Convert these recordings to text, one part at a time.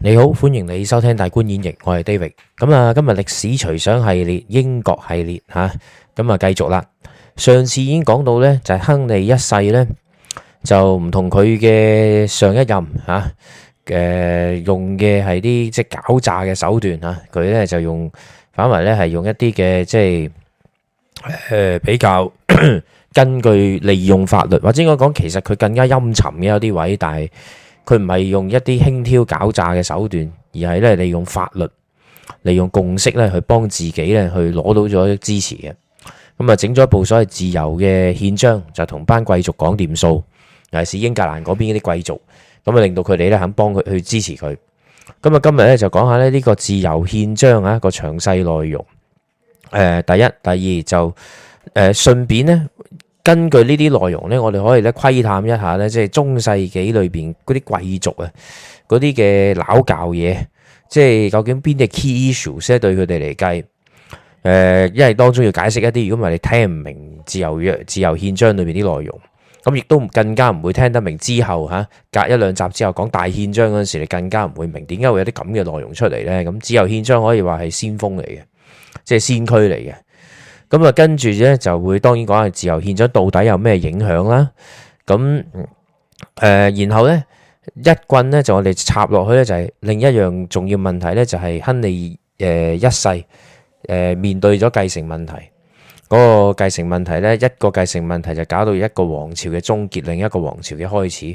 你好，歡迎你收聽大觀演繹，我係 David。咁啊，今日歷史隨想系列英國系列吓，咁啊繼續啦。上次已經講到咧，就係亨利一世咧就唔同佢嘅上一任吓，誒用嘅係啲即係狡詐嘅手段吓，佢咧就用反為咧係用一啲嘅即係誒比較根據利用法律，或者應該講其實佢更加陰沉嘅有啲位，但係。佢唔係用一啲輕佻狡詐嘅手段，而係咧利用法律、利用共識咧去幫自己咧去攞到咗支持嘅。咁啊整咗一部所謂自由嘅憲章，就同班貴族講掂數，尤其是英格蘭嗰邊嗰啲貴族，咁、嗯、啊令到佢哋咧肯幫佢去支持佢。咁、嗯、啊今日咧就講下咧呢個自由憲章啊一個詳細內容。誒、呃、第一、第二就誒、呃、順便咧。根據呢啲內容呢，我哋可以咧窺探一下呢，即係中世紀裏邊嗰啲貴族啊，嗰啲嘅鬧交嘢，即係究竟邊隻 key issues 咧對佢哋嚟計？因為當中要解釋一啲，如果唔係你聽唔明自由約、自由憲章裏邊啲內容，咁亦都更加唔會聽得明。之後嚇隔一兩集之後講大憲章嗰陣時，你更加唔會明點解會有啲咁嘅內容出嚟呢。咁自由憲章可以話係先鋒嚟嘅，即係先驅嚟嘅。咁啊，跟住咧就會當然講下自由憲章到底有咩影響啦。咁誒、呃，然後咧一棍咧就我哋插落去咧，就係、是、另一樣重要問題咧，就係、是、亨利誒、呃、一世誒、呃、面對咗繼承問題嗰、那個繼承問題咧，一個繼承問題就搞到一個王朝嘅終結，另一個王朝嘅開始。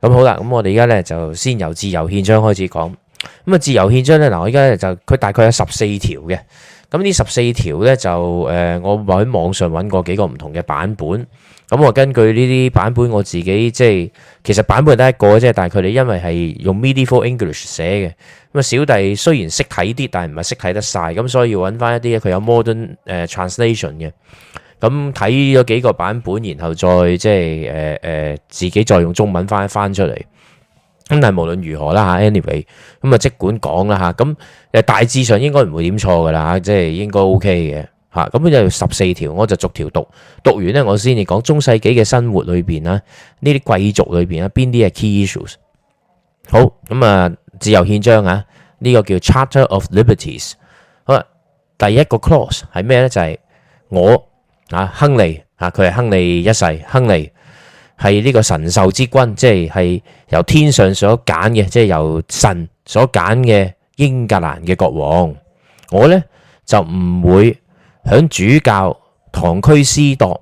咁好啦，咁我哋而家咧就先由自由憲章開始講。咁啊，自由憲章咧，嗱，我而家咧就佢大概有十四條嘅。咁呢十四條呢，就誒，我喺網上揾過幾個唔同嘅版本。咁我根據呢啲版本，我自己即係其實版本得一個啫，但係佢哋因為係用 medieval English 寫嘅咁啊，小弟雖然識睇啲，但係唔係識睇得晒。咁所以要揾翻一啲佢有 modern translation 嘅。咁睇咗幾個版本，然後再即係誒誒自己再用中文翻翻出嚟。咁但係無論如何啦吓，anyway，咁啊，即管講啦吓，咁誒大致上應該唔會點錯噶啦吓，即係應該 OK 嘅吓。咁就十四條，我就逐條讀，讀完咧我先至講中世紀嘅生活裏邊啦，呢啲貴族裏邊啦，邊啲係 key issues。好，咁啊，自由憲章啊，呢個叫 Charter of Liberties。好，第一個 clause 係咩咧？就係我啊亨利啊，佢係亨利一世，亨利。係呢個神授之君，即係係由天上所揀嘅，即係由神所揀嘅英格蘭嘅國王。我呢就唔會響主教堂區司鐸，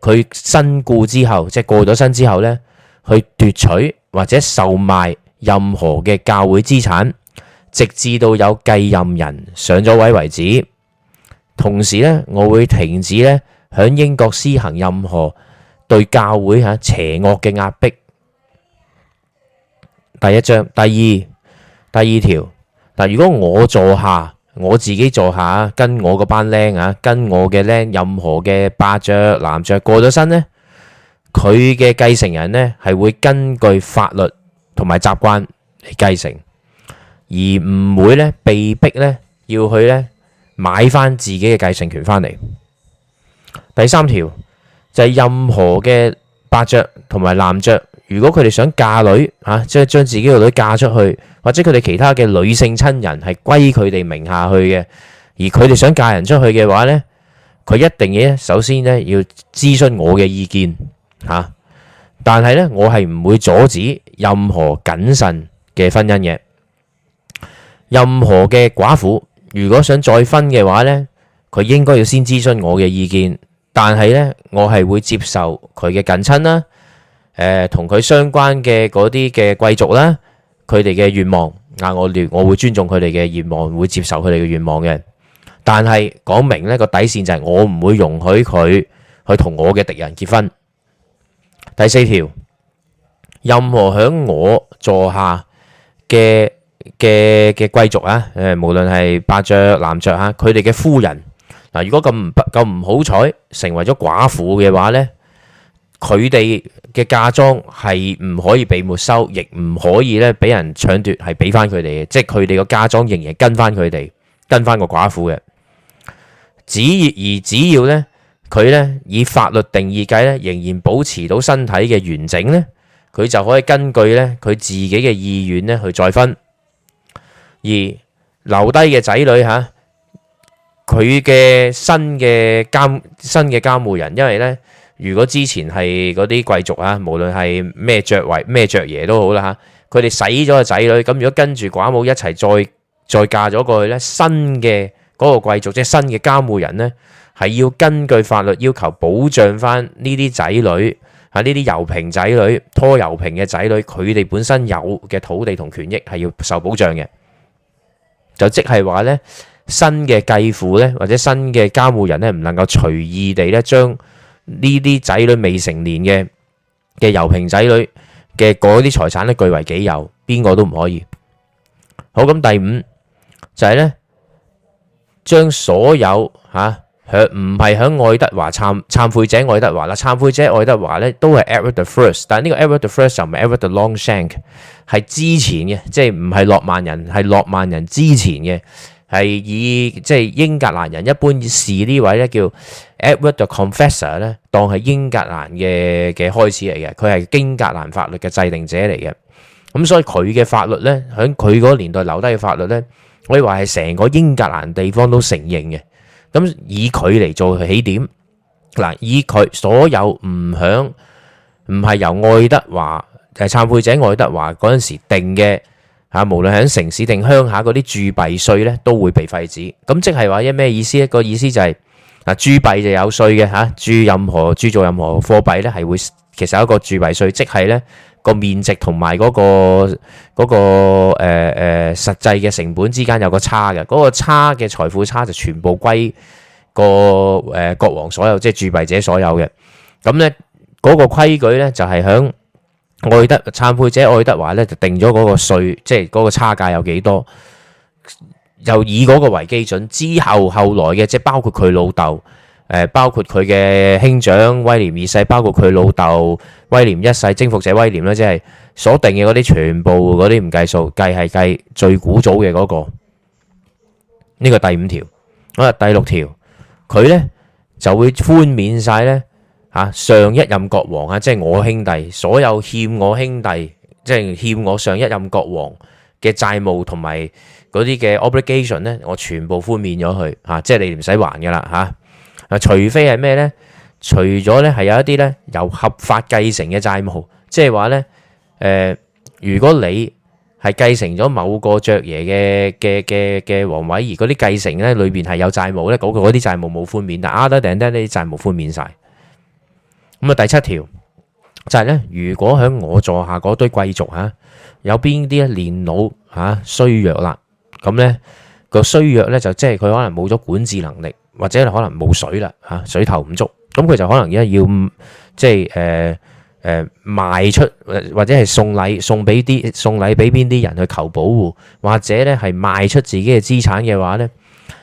佢身故之後，即係過咗身之後呢，去奪取或者售賣任何嘅教會資產，直至到有繼任人上咗位為止。同時呢，我會停止呢響英國施行任何對教會吓邪惡嘅壓迫。第一章，第二第二條嗱，如果我坐下，我自己坐下，跟我嗰班僆啊，跟我嘅僆，任何嘅伯爵男爵過咗身呢，佢嘅繼承人呢係會根據法律同埋習慣嚟繼承，而唔會咧被逼咧要去咧買翻自己嘅繼承權翻嚟。第三條。就係任何嘅伯爵同埋男爵，如果佢哋想嫁女，嚇即係將自己個女嫁出去，或者佢哋其他嘅女性親人係歸佢哋名下去嘅。而佢哋想嫁人出去嘅話咧，佢一定要首先咧要諮詢我嘅意見嚇。但係咧，我係唔會阻止任何謹慎嘅婚姻嘅。任何嘅寡婦如果想再婚嘅話咧，佢應該要先諮詢我嘅意見。但係咧，我係會接受佢嘅近親啦，誒，同佢相關嘅嗰啲嘅貴族啦，佢哋嘅願望，嗌我我會尊重佢哋嘅願望，會接受佢哋嘅願望嘅。但係講明呢個底線就係我唔會容許佢去同我嘅敵人結婚。第四條，任何響我座下嘅嘅嘅貴族啊，誒，無論係伯爵、男爵吓，佢哋嘅夫人。嗱，如果咁唔咁唔好彩，成為咗寡婦嘅話咧，佢哋嘅嫁妝係唔可以被沒收，亦唔可以咧俾人搶奪，係俾翻佢哋嘅，即係佢哋個嫁妝仍然跟翻佢哋，跟翻個寡婦嘅。只而只要咧，佢咧以法律定義計咧，仍然保持到身體嘅完整咧，佢就可以根據咧佢自己嘅意願咧去再婚，而留低嘅仔女嚇。佢嘅新嘅監新嘅監護人，因為咧，如果之前係嗰啲貴族啊，無論係咩爵位咩爵爺都好啦吓，佢哋死咗個仔女，咁如果跟住寡母一齊再再嫁咗過去咧，新嘅嗰個貴族即係新嘅監護人咧，係要根據法律要求保障翻呢啲仔女吓，呢啲油瓶仔女拖油瓶嘅仔女，佢哋本身有嘅土地同權益係要受保障嘅，就即係話咧。新嘅繼父咧，或者新嘅監護人咧，唔能夠隨意地咧將呢啲仔女未成年嘅嘅油瓶仔女嘅嗰啲財產咧據為己有，邊個都唔可以。好，咁，第五就係、是、咧，將所有嚇響唔係響愛德華懺懺悔者愛德華啦，懺悔者愛德華咧都係 Edward the First，但係呢個 Edward the First 唔係 Edward the Long Shank 係之前嘅，即係唔係諾曼人係諾曼人之前嘅。係以即係英格蘭人一般視呢位咧叫 Edward the Confessor 咧，當係英格蘭嘅嘅開始嚟嘅。佢係英格蘭法律嘅制定者嚟嘅。咁所以佢嘅法律咧，喺佢嗰個年代留低嘅法律咧，我以為係成個英格蘭地方都承認嘅。咁以佢嚟做起點，嗱，以佢所有唔響唔係由愛德華就係懺悔者愛德華嗰陣時定嘅。啊，無論喺城市定鄉下，嗰啲鑄幣稅咧都會被廢止。咁即係話一咩意思咧？個意思就係、是、嗱，鑄幣就有稅嘅嚇。鑄任何鑄造任何貨幣咧，係會其實有一個鑄幣稅，即係咧個面值同埋嗰個嗰、那個誒誒、呃、實際嘅成本之間有個差嘅。嗰、那個差嘅財富差就全部歸個誒國王所有，即係鑄幣者所有嘅。咁咧嗰個規矩咧就係響。愛德懺悔者愛德華咧就定咗嗰個稅，即係嗰個差價有幾多，又以嗰個為基準之後，後來嘅即係包括佢老豆，誒，包括佢嘅兄長威廉二世，包括佢老豆威廉一世征服者威廉啦，即係所定嘅嗰啲全部嗰啲唔計數，計係計最古早嘅嗰個，呢個第五條，咁啊第六條，佢咧就會寬免晒咧。啊，上一任國王啊，即係我兄弟，所有欠我兄弟，即係欠我上一任國王嘅債務同埋嗰啲嘅 obligation 咧，我全部寬免咗佢，啊，即係你唔使還嘅啦，嚇！啊，除非係咩咧？除咗咧係有一啲咧由合法繼承嘅債務，即係話咧，誒、呃，如果你係繼承咗某個爵爺嘅嘅嘅嘅皇位，而嗰啲繼承咧裏邊係有債務咧，嗰個嗰啲債務冇寬免，但係 other than 呢啲債務寬免晒。咁啊，第七條就係咧，如果喺我座下嗰堆貴族嚇有邊啲年老嚇衰弱啦，咁咧個衰弱咧就即係佢可能冇咗管治能力，或者可能冇水啦嚇，水頭唔足，咁佢就可能而家要即係誒誒賣出或者係送禮送俾啲送禮俾邊啲人去求保護，或者咧係賣出自己嘅資產嘅話咧，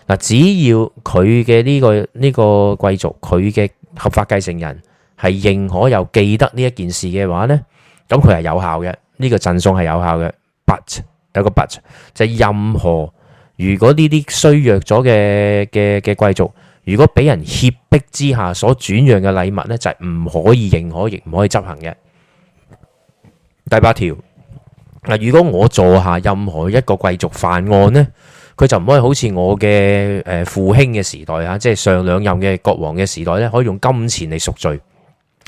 嗱只要佢嘅呢個呢個貴族佢嘅合法繼承人。係認可又記得呢一件事嘅話咧，咁佢係有效嘅，呢個贈送係有效嘅。But 有個 but 就係任何如果呢啲衰弱咗嘅嘅嘅貴族，如果俾人脅迫之下所轉讓嘅禮物咧，就係唔可以認可亦唔可以執行嘅。第八條嗱，如果我坐下任何一個貴族犯案咧，佢就唔可以好似我嘅誒父親嘅時代嚇，即係上兩任嘅國王嘅時代咧，可以用金錢嚟贖罪。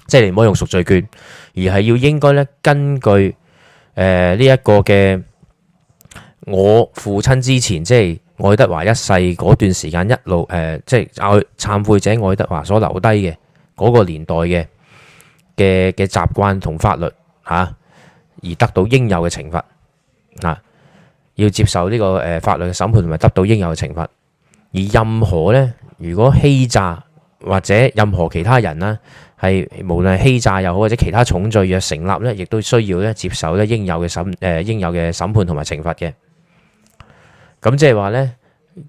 即係你唔好用贖罪券，而係要應該咧，根據誒呢一個嘅我父親之前即係愛德華一世嗰段時間一路誒、呃，即係愛懺悔者愛德華所留低嘅嗰個年代嘅嘅嘅習慣同法律吓、啊，而得到應有嘅懲罰啊，要接受呢、這個誒、呃、法律嘅審判，同埋得到應有嘅懲罰。而任何咧，如果欺詐或者任何其他人啦。係無論欺詐又好，或者其他重罪若成立咧，亦都需要咧接受咧應有嘅審誒應有嘅審判同埋懲罰嘅。咁即係話咧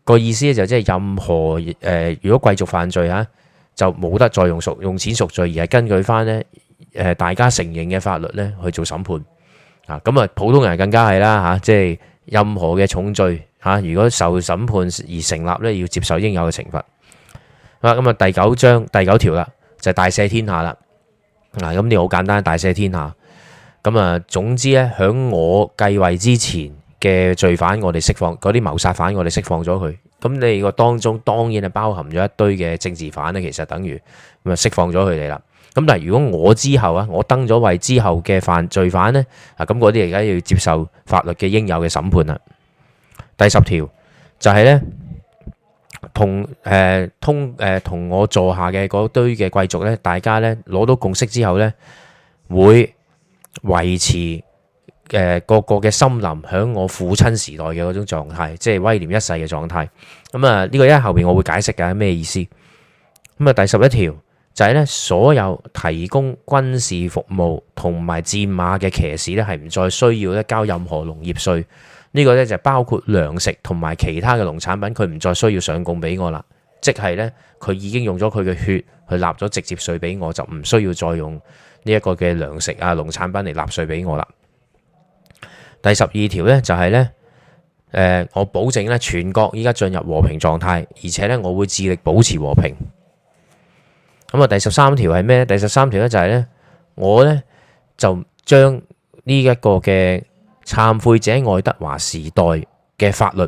個意思就即係任何誒、呃，如果貴族犯罪吓就冇得再用贖用錢贖罪，而係根據翻咧誒大家承認嘅法律咧去做審判啊。咁啊，普通人更加係啦吓，即係任何嘅重罪吓、啊，如果受審判而成立咧，要接受應有嘅懲罰。啊，咁、嗯、啊，第九章第九條啦。就大赦天下啦嗱，咁你好簡單，大赦天下。咁啊，總之咧，響我繼位之前嘅罪犯，我哋釋放嗰啲謀殺犯，我哋釋放咗佢。咁你個當中當然係包含咗一堆嘅政治犯咧，其實等於咁啊釋放咗佢哋啦。咁但係，如果我之後啊，我登咗位之後嘅犯罪犯咧，啊咁嗰啲而家要接受法律嘅應有嘅審判啦。第十條就係咧。同誒通誒同我座下嘅嗰堆嘅貴族咧，大家咧攞到共識之後咧，會維持誒各個嘅森林響我父親時代嘅嗰種狀態，即係威廉一世嘅狀態。咁、嗯、啊，呢個一後邊我會解釋嘅咩意思。咁、嗯、啊，第十一條就係、是、咧，所有提供軍事服務同埋戰馬嘅騎士咧，係唔再需要咧交任何農業稅。呢個咧就包括糧食同埋其他嘅農產品，佢唔再需要上貢俾我啦，即係咧佢已經用咗佢嘅血去納咗直接稅俾我，就唔需要再用呢一個嘅糧食啊農產品嚟納稅俾我啦。第十二條咧就係咧，誒，我保證咧全國依家進入和平狀態，而且咧我會致力保持和平。咁啊，第十三條係咩？第十三條咧就係、是、咧，我咧就將呢一個嘅。懺悔者愛德華時代嘅法律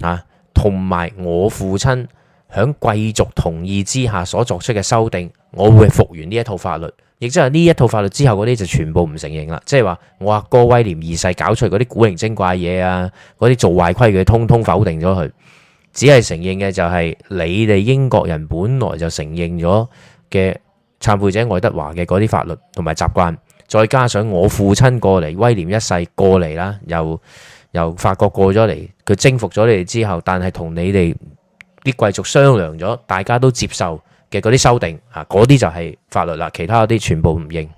啊，同埋我父親響貴族同意之下所作出嘅修訂，我會復原呢一套法律，亦即係呢一套法律之後嗰啲就全部唔承認啦。即係話我阿哥威廉二世搞出嗰啲古靈精怪嘢啊，嗰啲做壞規矩，通通否定咗佢，只係承認嘅就係你哋英國人本來就承認咗嘅懺悔者愛德華嘅嗰啲法律同埋習慣。再加上我父親過嚟，威廉一世過嚟啦，由由法國過咗嚟，佢征服咗你哋之後，但係同你哋啲貴族商量咗，大家都接受嘅嗰啲修訂啊，嗰啲就係法律啦，其他嗰啲全部唔認。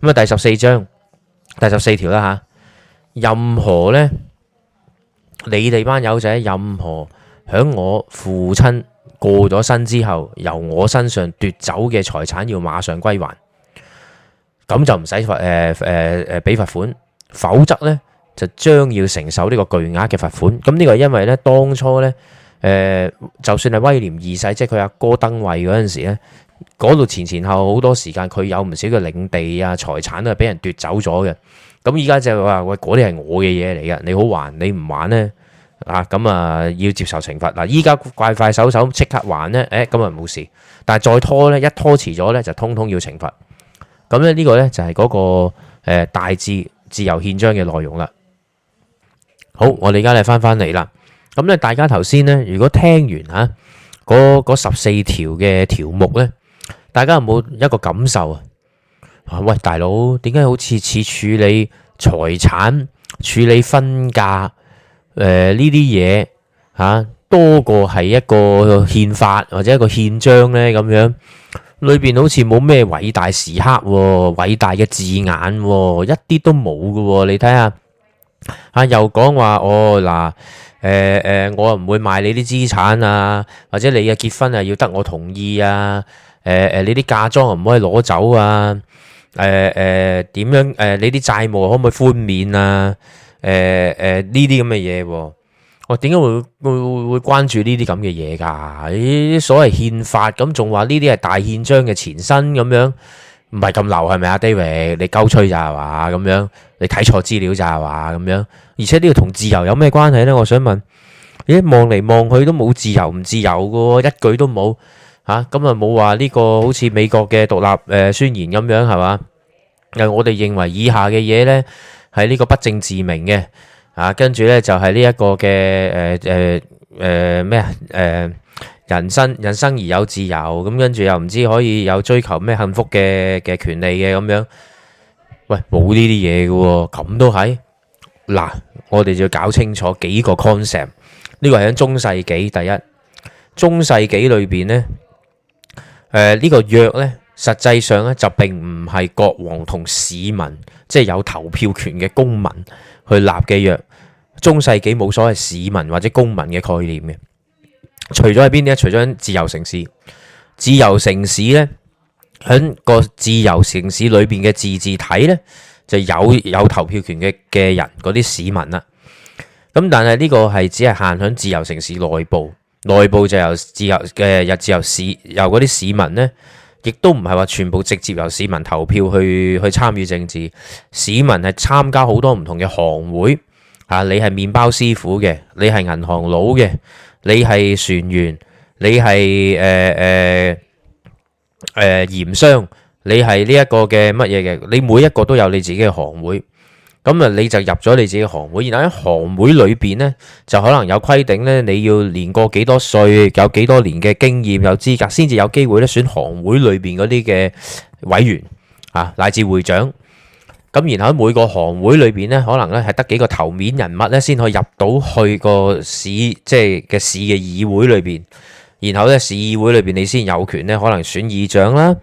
咁啊，第十四章，第十四條啦吓，任何呢，你哋班友仔，任何響我父親過咗身之後，由我身上奪走嘅財產，要馬上歸還。咁就唔使罰誒誒誒，俾、呃、罰、呃、款，否則咧就將要承受呢個巨額嘅罰款。咁呢個係因為咧，當初咧誒、呃，就算係威廉二世，即係佢阿哥登位嗰陣時咧，嗰度前前後好多時間，佢有唔少嘅領地啊、財產都係俾人奪走咗嘅。咁依家就話喂，嗰啲係我嘅嘢嚟嘅，你好還，你唔還咧啊？咁啊，要接受懲罰。嗱，依家快快手手，即刻還咧，誒、欸，咁啊冇事。但係再拖咧，一拖遲咗咧，就通通要懲罰。咁咧呢個呢，就係嗰個誒大致自由憲章嘅內容啦。好，我哋而家咧翻翻嚟啦。咁咧大家頭先呢，如果聽完吓嗰十四條嘅條目呢，大家有冇一個感受啊？喂，大佬，點解好似似處理財產、處理婚嫁誒呢啲嘢吓多過係一個憲法或者一個憲章呢咁樣？裏邊好似冇咩偉大時刻、啊，偉大嘅字眼、啊，一啲都冇噶、啊。你睇下，啊又講話哦，嗱、哦，誒、呃、誒、呃，我唔會賣你啲資產啊，或者你嘅結婚啊要得我同意啊，誒、呃、誒，你啲嫁妝又唔可以攞走啊，誒、呃、誒，點、呃、樣誒、呃，你啲債務可唔可以寬免啊，誒、呃、誒，呢啲咁嘅嘢。我點解會會會關注呢啲咁嘅嘢噶？呢、哎、啲所謂憲法咁，仲話呢啲係大憲章嘅前身咁樣，唔係咁流係咪啊？David，你鳩吹就係話咁樣，你睇錯資料就係話咁樣。而且呢個同自由有咩關係呢？我想問，咦，望嚟望去都冇自由，唔自由嘅，一句都冇吓，咁啊冇話呢個好似美國嘅獨立誒、呃、宣言咁樣係嘛？誒，我哋認為以下嘅嘢呢，係呢個不證自明嘅。呃，跟住呢，就係呢一個嘅，呃，呃，咩，呃，人生，人生而有自由，咁跟住又唔知可以有追求咩幸福嘅，嘅權利嘅，咁樣。喂，冇呢啲嘢㗎喎，咁都係，嗱，我哋就要搞清楚幾個 concept，呢個係喺中世紀第一，中世紀裏面呢，呃，呢個約呢，實際上咧，就並唔係國王同市民，即係有投票權嘅公民去立嘅約。中世紀冇所謂市民或者公民嘅概念嘅，除咗喺邊啲咧？除咗自由城市，自由城市呢，喺個自由城市裏邊嘅自治體呢，就有有投票權嘅嘅人嗰啲市民啦。咁但係呢個係只係限喺自由城市內部，內部就由自由嘅由自由市由嗰啲市民呢。亦都唔係話全部直接由市民投票去去參與政治，市民係參加好多唔同嘅行會。啊，你係麵包師傅嘅，你係銀行佬嘅，你係船員，你係誒誒誒鹽商，你係呢一個嘅乜嘢嘅，你每一個都有你自己嘅行會。咁啊，你就入咗你自己行會，然後喺行會裏邊呢，就可能有規定呢，你要年過幾多歲，有幾多年嘅經驗，有資格先至有機會咧選行會裏邊嗰啲嘅委員啊，乃至會長。咁然後喺每個行會裏邊呢，可能咧係得幾個頭面人物呢先可以入到去個市，即係嘅市嘅議會裏邊。然後呢，市議會裏邊你先有權呢，可能選議長啦。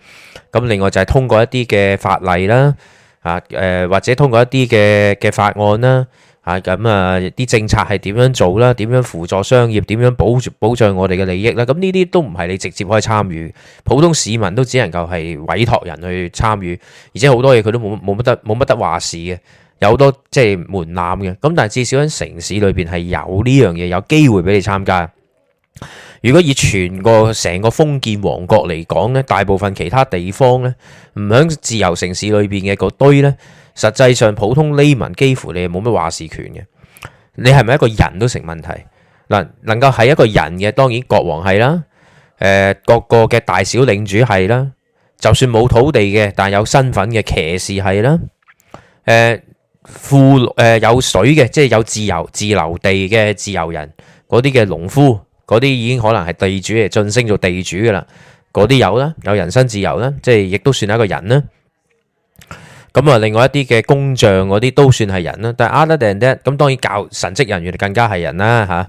咁另外就係通過一啲嘅法例啦。啊，誒或者通過一啲嘅嘅法案啦，啊咁啊啲政策係點樣做啦？點樣輔助商業？點樣保保障我哋嘅利益啦？咁呢啲都唔係你直接可以參與，普通市民都只能夠係委託人去參與，而且好多嘢佢都冇冇乜得冇乜得話事嘅，有好多即係、就是、門檻嘅。咁但係至少喺城市裏邊係有呢樣嘢，有機會俾你參加。如果以全個成個封建王國嚟講咧，大部分其他地方咧，唔響自由城市裏邊嘅個堆咧，實際上普通黎民幾乎你冇乜話事權嘅。你係咪一個人都成問題嗱？能夠係一個人嘅當然國王係啦，誒各個嘅大小領主係啦，就算冇土地嘅，但有身份嘅騎士係啦，誒富誒有水嘅，即係有自由自留地嘅自由人嗰啲嘅農夫。嗰啲已經可能係地主嚟晉升做地主噶啦，嗰啲有啦，有人身自由啦，即係亦都算係一個人啦。咁啊，另外一啲嘅工匠嗰啲都算係人啦。但阿爹定爹咁當然教神職人員更加係人啦嚇。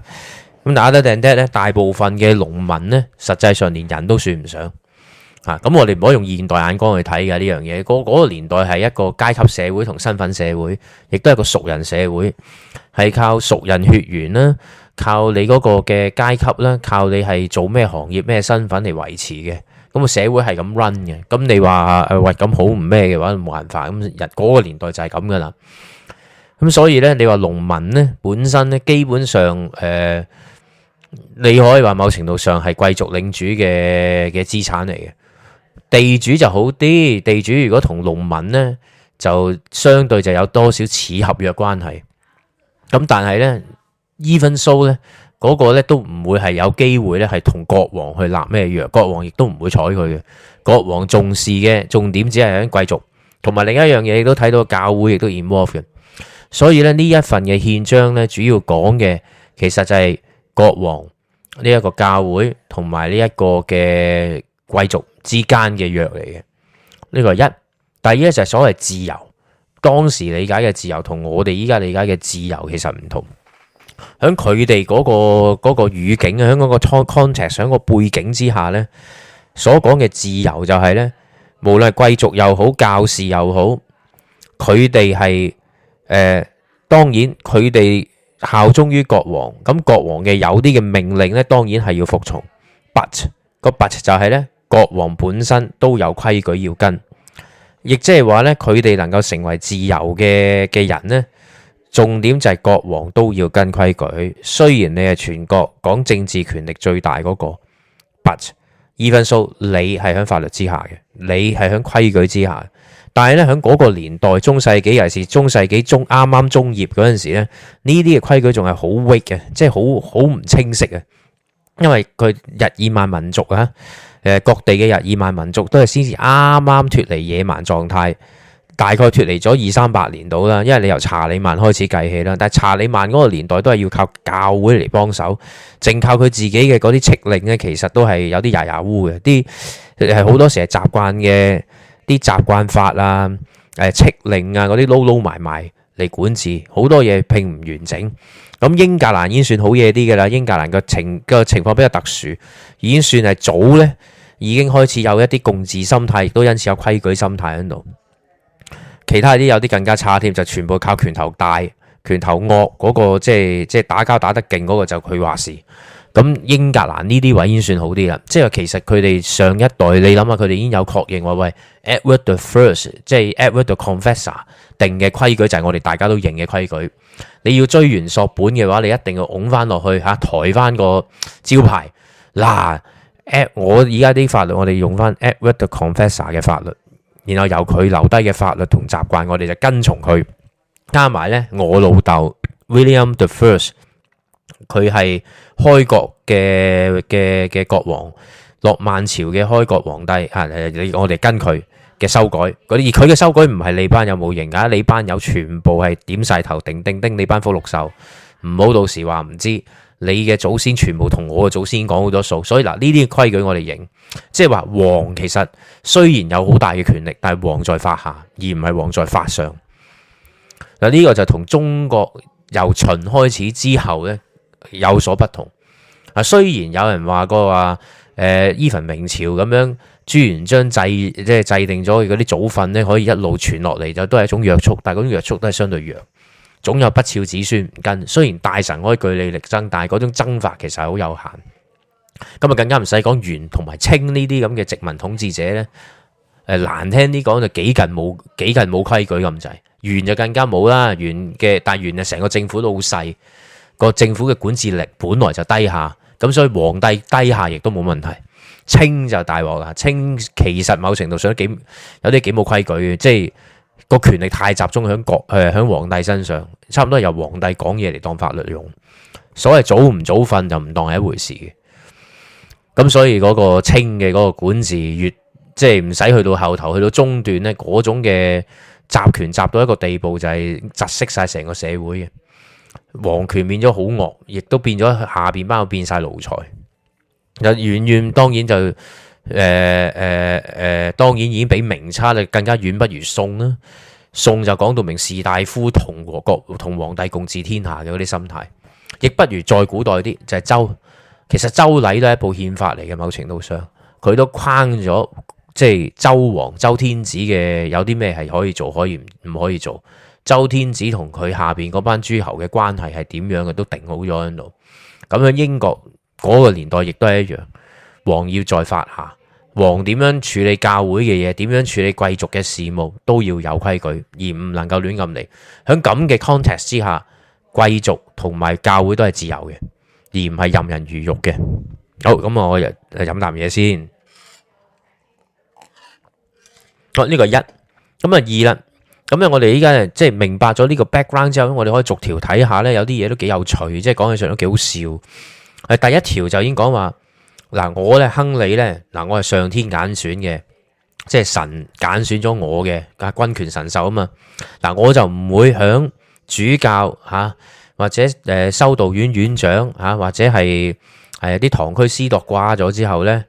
咁但阿爹定爹咧，大部分嘅農民咧，實際上連人都算唔上啊。咁我哋唔可以用現代眼光去睇嘅呢樣嘢。嗰嗰、嗰個年代係一個階級社會同身份社會，亦都係個熟人社會，係靠熟人血緣啦。靠你嗰個嘅階級啦，靠你係做咩行業咩身份嚟維持嘅，咁個社會係咁 run 嘅，咁你話誒、呃、喂咁好唔咩嘅話，冇辦法，咁人嗰個年代就係咁噶啦。咁所以呢，你話農民呢，本身呢，基本上誒、呃，你可以話某程度上係貴族領主嘅嘅資產嚟嘅，地主就好啲，地主如果同農民呢，就相對就有多少似合約關係。咁但係呢。Even so 咧，嗰個咧都唔會係有機會咧，係同國王去立咩約，國王亦都唔會睬佢嘅。國王重視嘅重點只係喺貴族，同埋另一樣嘢亦都睇到教會亦都 involved 嘅。所以咧呢一份嘅憲章咧，主要講嘅其實就係國王呢一個教會同埋呢一個嘅貴族之間嘅約嚟嘅。呢個係一，第二就係所謂自由。當時理解嘅自由同我哋依家理解嘅自由其實唔同。喺佢哋嗰個嗰個語境啊，喺個 con context，喺個背景之下咧，所講嘅自由就係、是、咧，無論係貴族又好，教士又好，佢哋係誒，當然佢哋效忠於國王，咁國王嘅有啲嘅命令咧，當然係要服從，but 個 but 就係咧，國王本身都有規矩要跟，亦即係話咧，佢哋能夠成為自由嘅嘅人咧。重點就係國王都要跟規矩，雖然你係全國講政治權力最大嗰、嗰個，but even so，你係喺法律之下嘅，你係喺規矩之下。但係咧喺嗰個年代，中世紀尤其是中世紀中啱啱中葉嗰陣時咧，呢啲嘅規矩仲係好 weak 嘅，即係好好唔清晰啊！因為佢日耳曼民族啊，誒各地嘅日耳曼民族都係先至啱啱脱離野蠻狀態。大概脫離咗二三百年度啦，因為你由查理曼開始計起啦。但係查理曼嗰個年代都係要靠教會嚟幫手，淨靠佢自己嘅嗰啲敕令咧，其實都係有啲牙牙烏嘅。啲係好多時係習慣嘅啲習慣法啊，誒敕令啊嗰啲撈撈埋埋嚟管治，好多嘢並唔完整。咁英格蘭已經算好嘢啲噶啦，英格蘭嘅情嗰情況比較特殊，已經算係早咧，已經開始有一啲共治心態，亦都因此有規矩心態喺度。其他啲有啲更加差添，就全部靠拳頭大、拳頭惡嗰個，即係即係打交打得勁嗰個就佢話事。咁英格蘭呢啲位已經算好啲啦，即係其實佢哋上一代你諗下，佢哋已經有確認話喂 Edward the First，即係 Edward the Confessor 定嘅規矩就係我哋大家都認嘅規矩。你要追完索本嘅話，你一定要拱翻落去吓、啊，抬翻個招牌嗱。啊、Ad, 我而家啲法律我哋用翻 Edward the Confessor 嘅法律。然後由佢留低嘅法律同習慣，我哋就跟從佢。加埋咧，我老豆 William the First，佢係開國嘅嘅嘅國王，諾曼朝嘅開國皇帝嚇。你、啊、我哋跟佢嘅修改，嗰而佢嘅修改唔係你班有冇型啊？你班有全部係點晒頭，定定定，你班福祿壽，唔好到時話唔知。你嘅祖先全部同我嘅祖先講好多數，所以嗱，呢啲規矩我哋認，即係話王其實雖然有好大嘅權力，但係王在法下，而唔係王在法上。嗱、這、呢個就同中國由秦開始之後咧有所不同。啊，雖然有人話過話，誒依份明朝咁樣朱元璋制即係制定咗嗰啲祖訓咧，可以一路傳落嚟就都係一種約束，但係嗰種約束都係相對弱。總有不肖子孫唔跟，雖然大臣可以據理力爭，但係嗰種爭法其實好有限。咁啊，更加唔使講元同埋清呢啲咁嘅殖民統治者咧，誒，難聽啲講就幾近冇幾近冇規矩咁滯。元就更加冇啦，元嘅但係元啊，成個政府都好細，個政府嘅管治力本來就低下，咁所以皇帝低下亦都冇問題。清就大鑊啦，清其實某程度上都幾有啲幾冇規矩嘅，即係。個權力太集中喺國，誒，喺皇帝身上，差唔多係由皇帝講嘢嚟當法律用。所謂早唔早瞓就唔當係一回事嘅。咁所以嗰個清嘅嗰個管治越，即係唔使去到後頭去到中段呢，嗰種嘅集權集到一個地步就係窒息晒成個社會嘅。皇權變咗好惡，亦都變咗下邊班變晒奴才。就遠遠當然就。誒誒誒，當然已經比明差啦，更加遠不如宋啦。宋就講到明士大夫同和國同皇帝共治天下嘅嗰啲心態，亦不如再古代啲就係周。其實周禮都係一部憲法嚟嘅，某程度上佢都框咗，即係周王周天子嘅有啲咩係可以做，可以唔可以做。周天子同佢下邊嗰班諸侯嘅關係係點樣嘅，都定好咗喺度。咁樣英國嗰個年代亦都係一樣。王要再發下，王點樣處理教會嘅嘢，點樣處理貴族嘅事務，都要有規矩，而唔能夠亂咁嚟。喺咁嘅 context 之下，貴族同埋教會都係自由嘅，而唔係任人魚肉嘅。好，咁我飲啖嘢先。好，呢個一，咁啊二啦，咁咧我哋依家即係明白咗呢個 background 之後，我哋可以逐條睇下咧，有啲嘢都幾有趣，即係講起上都幾好笑。第一條就已經講話，嗱，我咧亨利咧，嗱，我係上天揀選嘅，即係神揀選咗我嘅，係君權神授啊嘛。嗱，我就唔會響主教嚇、啊，或者誒、呃、修道院院長嚇、啊，或者係係啲堂區司鐸掛咗之後咧，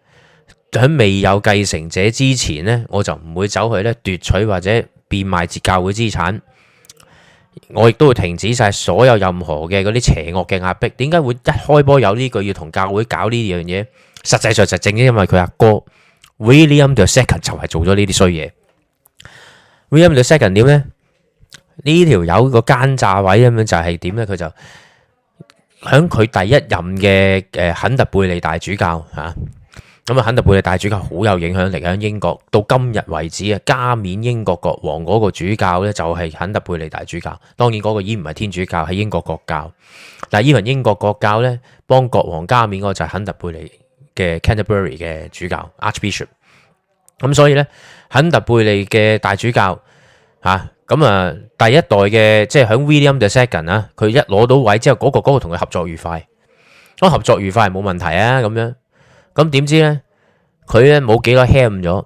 喺未有繼承者之前咧，我就唔會走去咧奪取或者變賣節教會資產。我亦都會停止晒所有任何嘅嗰啲邪惡嘅壓迫。點解會一開波有呢句要同教會搞呢樣嘢？實際上就正因因為佢阿哥 William the Second 就係做咗呢啲衰嘢。William the Second 點咧？Second, 呢條友、個奸詐位咁樣呢就係點咧？佢就響佢第一任嘅誒肯特貝利大主教嚇咁啊。肯特貝利大主教好有影響力喺英國到今日為止啊。加冕英國國王嗰個主教咧就係肯特貝利大主教。當然嗰個已經唔係天主教，係英國國教。但係依份英國國教咧幫國王加冕嗰個就係肯特貝利。嘅 Canterbury 嘅主教 Archbishop，咁所以咧肯特貝利嘅大主教嚇，咁啊第一代嘅即係喺 William the Second 啊，佢一攞到位之後，嗰個嗰個同佢合作愉快，咁合作愉快係冇問題啊，咁樣，咁點知咧佢咧冇幾耐 ham 咗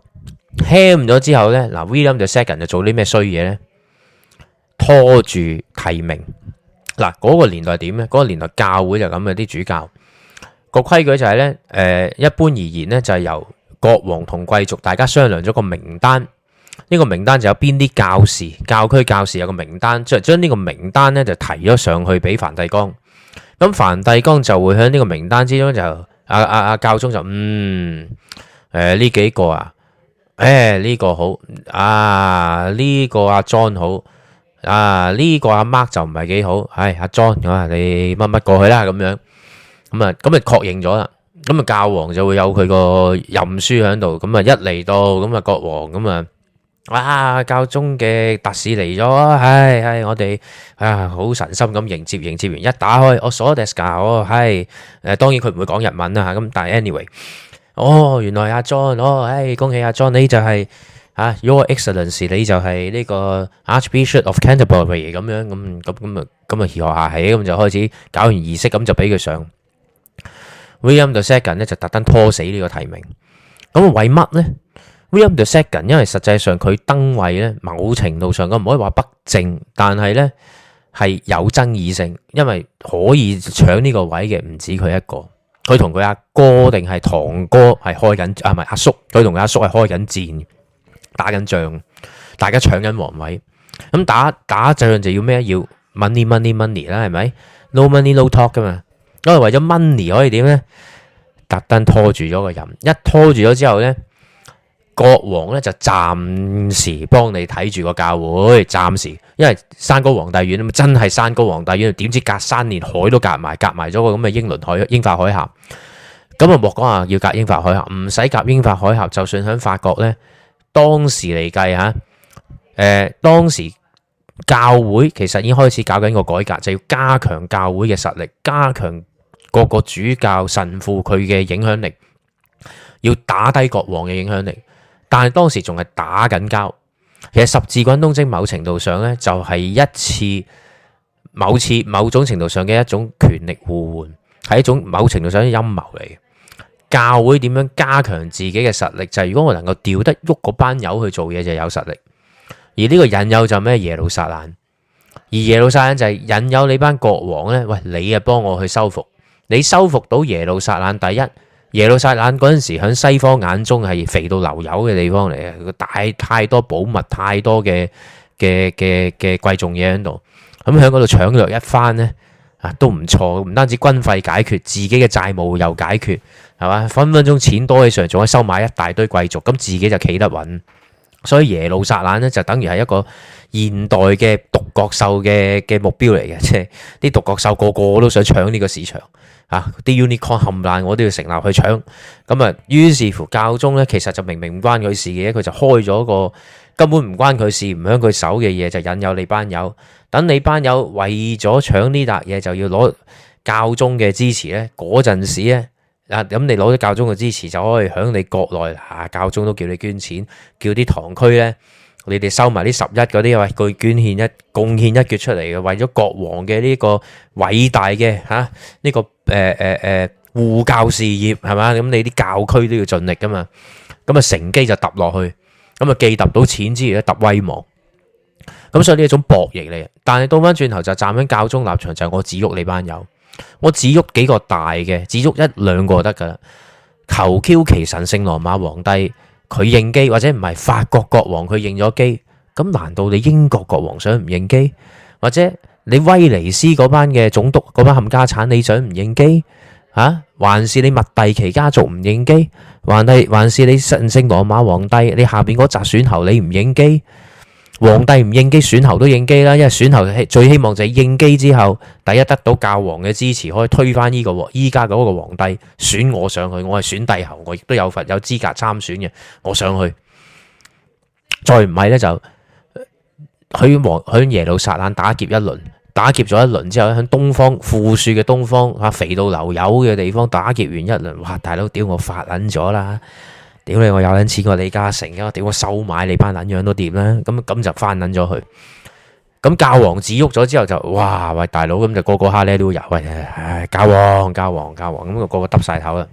，ham 咗之後咧嗱 William the Second 就做啲咩衰嘢咧？拖住提名，嗱嗰個年代點咧？嗰個年代教會就咁嘅啲主教。個規矩就係、是、咧，誒、呃，一般而言咧就係由國王同貴族大家商量咗個名單，呢、這個名單就有邊啲教士、教區教士有個名單，將將呢個名單咧就提咗上去俾梵蒂岡，咁、嗯、梵蒂岡就會喺呢個名單之中就阿阿阿教宗就嗯，誒、呃、呢幾個啊，誒、哎、呢、這個好，啊呢、這個阿、啊、John 好，啊呢、這個阿、啊、Mark 就唔係幾好，係、哎、阿、啊、John 咁啊你乜乜過去啦咁樣。咁啊，咁啊，確認咗啦。咁啊，教皇就會有佢個任書喺度。咁啊，一嚟到咁啊，國王咁啊，啊，教宗嘅特使嚟咗、哎哎，唉唉，我哋啊，好神心咁迎接，迎接完一打開，我鎖 desk 啊，我，唉、哎，當然佢唔會講日文啦嚇。咁、啊、但係 anyway，哦，原來阿 John，哦，唉、哎，恭喜阿 John，你就係、是、啊，Your Excellence，你就係呢個 Archbishop of Canterbury 咁樣咁咁咁啊咁啊，起學下起咁就開始搞完儀式咁就俾佢上。William the Second，呢就特登拖死呢個提名，咁為乜呢？William the Second，因為實際上佢登位咧，某程度上咁唔可以話不正，但係咧係有爭議性，因為可以搶呢個位嘅唔止佢一個，佢同佢阿哥定係堂哥係開緊，啊唔係阿叔，佢同阿叔係開緊戰，打緊仗，大家搶緊皇位，咁打打仗就要咩？要 money money money 啦，係咪？No money no talk 噶嘛因為為咗 money 可以點呢？特登拖住咗個人，一拖住咗之後呢，國王呢就暫時幫你睇住個教會，暫時，因為山高皇帝遠啊嘛，真係山高皇帝遠，點知隔山連海都隔埋，隔埋咗個咁嘅英倫海、英法海峽。咁啊莫講話，要隔英法海峽，唔使隔英法海峽，就算喺法國呢，當時嚟計吓，誒、呃，當時。教會其實已經開始搞緊個改革，就是，要加強教會嘅實力，加強各個主教神父佢嘅影響力，要打低國王嘅影響力。但係當時仲係打緊交，其實十字軍東征某程度上呢，就係一次，某次，某種程度上嘅一種權力互換，係一種某程度上嘅陰謀嚟嘅。教會點樣加強自己嘅實力？就係，是，如果我能夠調得喐嗰班友去做嘢，就有實力。而呢個引誘就咩耶路撒冷，而耶路撒冷就係引誘你班國王呢？喂，你啊幫我去收復，你收復到耶路撒冷，第一耶路撒冷嗰陣時喺西方眼中係肥到流油嘅地方嚟嘅，大太多寶物，太多嘅嘅嘅嘅貴重嘢喺度，咁喺嗰度搶掠一番呢，啊都唔錯，唔單止軍費解決，自己嘅債務又解決，係嘛？分分鐘錢多起上，仲可以收買一大堆貴族，咁自己就企得穩。所以耶路撒冷咧就等於係一個現代嘅獨角獸嘅嘅目標嚟嘅，即係啲獨角獸個個都想搶呢個市場啊！啲 unicorn 冚爛我都要成立去搶，咁啊，於是乎教宗咧其實就明明唔關佢事嘅，佢就開咗個根本唔關佢事唔響佢手嘅嘢，就引誘你班友，等你班友為咗搶呢笪嘢就要攞教宗嘅支持咧，嗰陣時啊～嗱，咁、啊、你攞咗教宗嘅支持，就可以響你國內嚇、啊、教宗都叫你捐錢，叫啲堂區咧，你哋收埋啲十一嗰啲喂，佢捐獻一，貢獻一嘅出嚟嘅，為咗國王嘅呢個偉大嘅嚇呢個誒誒誒護教事業係嘛？咁你啲教區都要盡力噶嘛，咁啊乘機就揼落去，咁啊既揼到錢之餘，揼威望，咁所以呢一種博弈嚟。但係到翻轉頭就站喺教宗立場，就係、我指鬱你班友。我只喐幾個大嘅，只喐一兩個就得噶啦。求 Q 其神聖羅馬皇帝佢應機，或者唔係法國國王佢應咗機，咁難道你英國國王想唔應機，或者你威尼斯嗰班嘅總督嗰班冚家產你想唔應機啊？還是你麥蒂奇家族唔應機，還係還是你神聖羅馬皇帝你下邊嗰集選侯你唔應機？皇帝唔應機，選侯都應機啦，因為選侯希最希望就係應機之後，第一得到教皇嘅支持，可以推翻呢個依家嗰個皇帝，選我上去，我係選帝侯，我亦都有份有資格參選嘅，我上去。再唔係呢，就，去王響耶路撒冷打劫一輪，打劫咗一輪之後咧，響東方富庶嘅東方吓肥到流油嘅地方打劫完一輪，哇，大佬屌我發捻咗啦！屌你！我有捻錢，過李嘉誠㗎，我屌我收買你班捻樣都掂啦。咁咁就翻捻咗佢。咁教王自喐咗之後就哇喂大佬，咁就個個蝦咧都有。喂唉教王、教王、教王，咁就個個耷晒頭啦。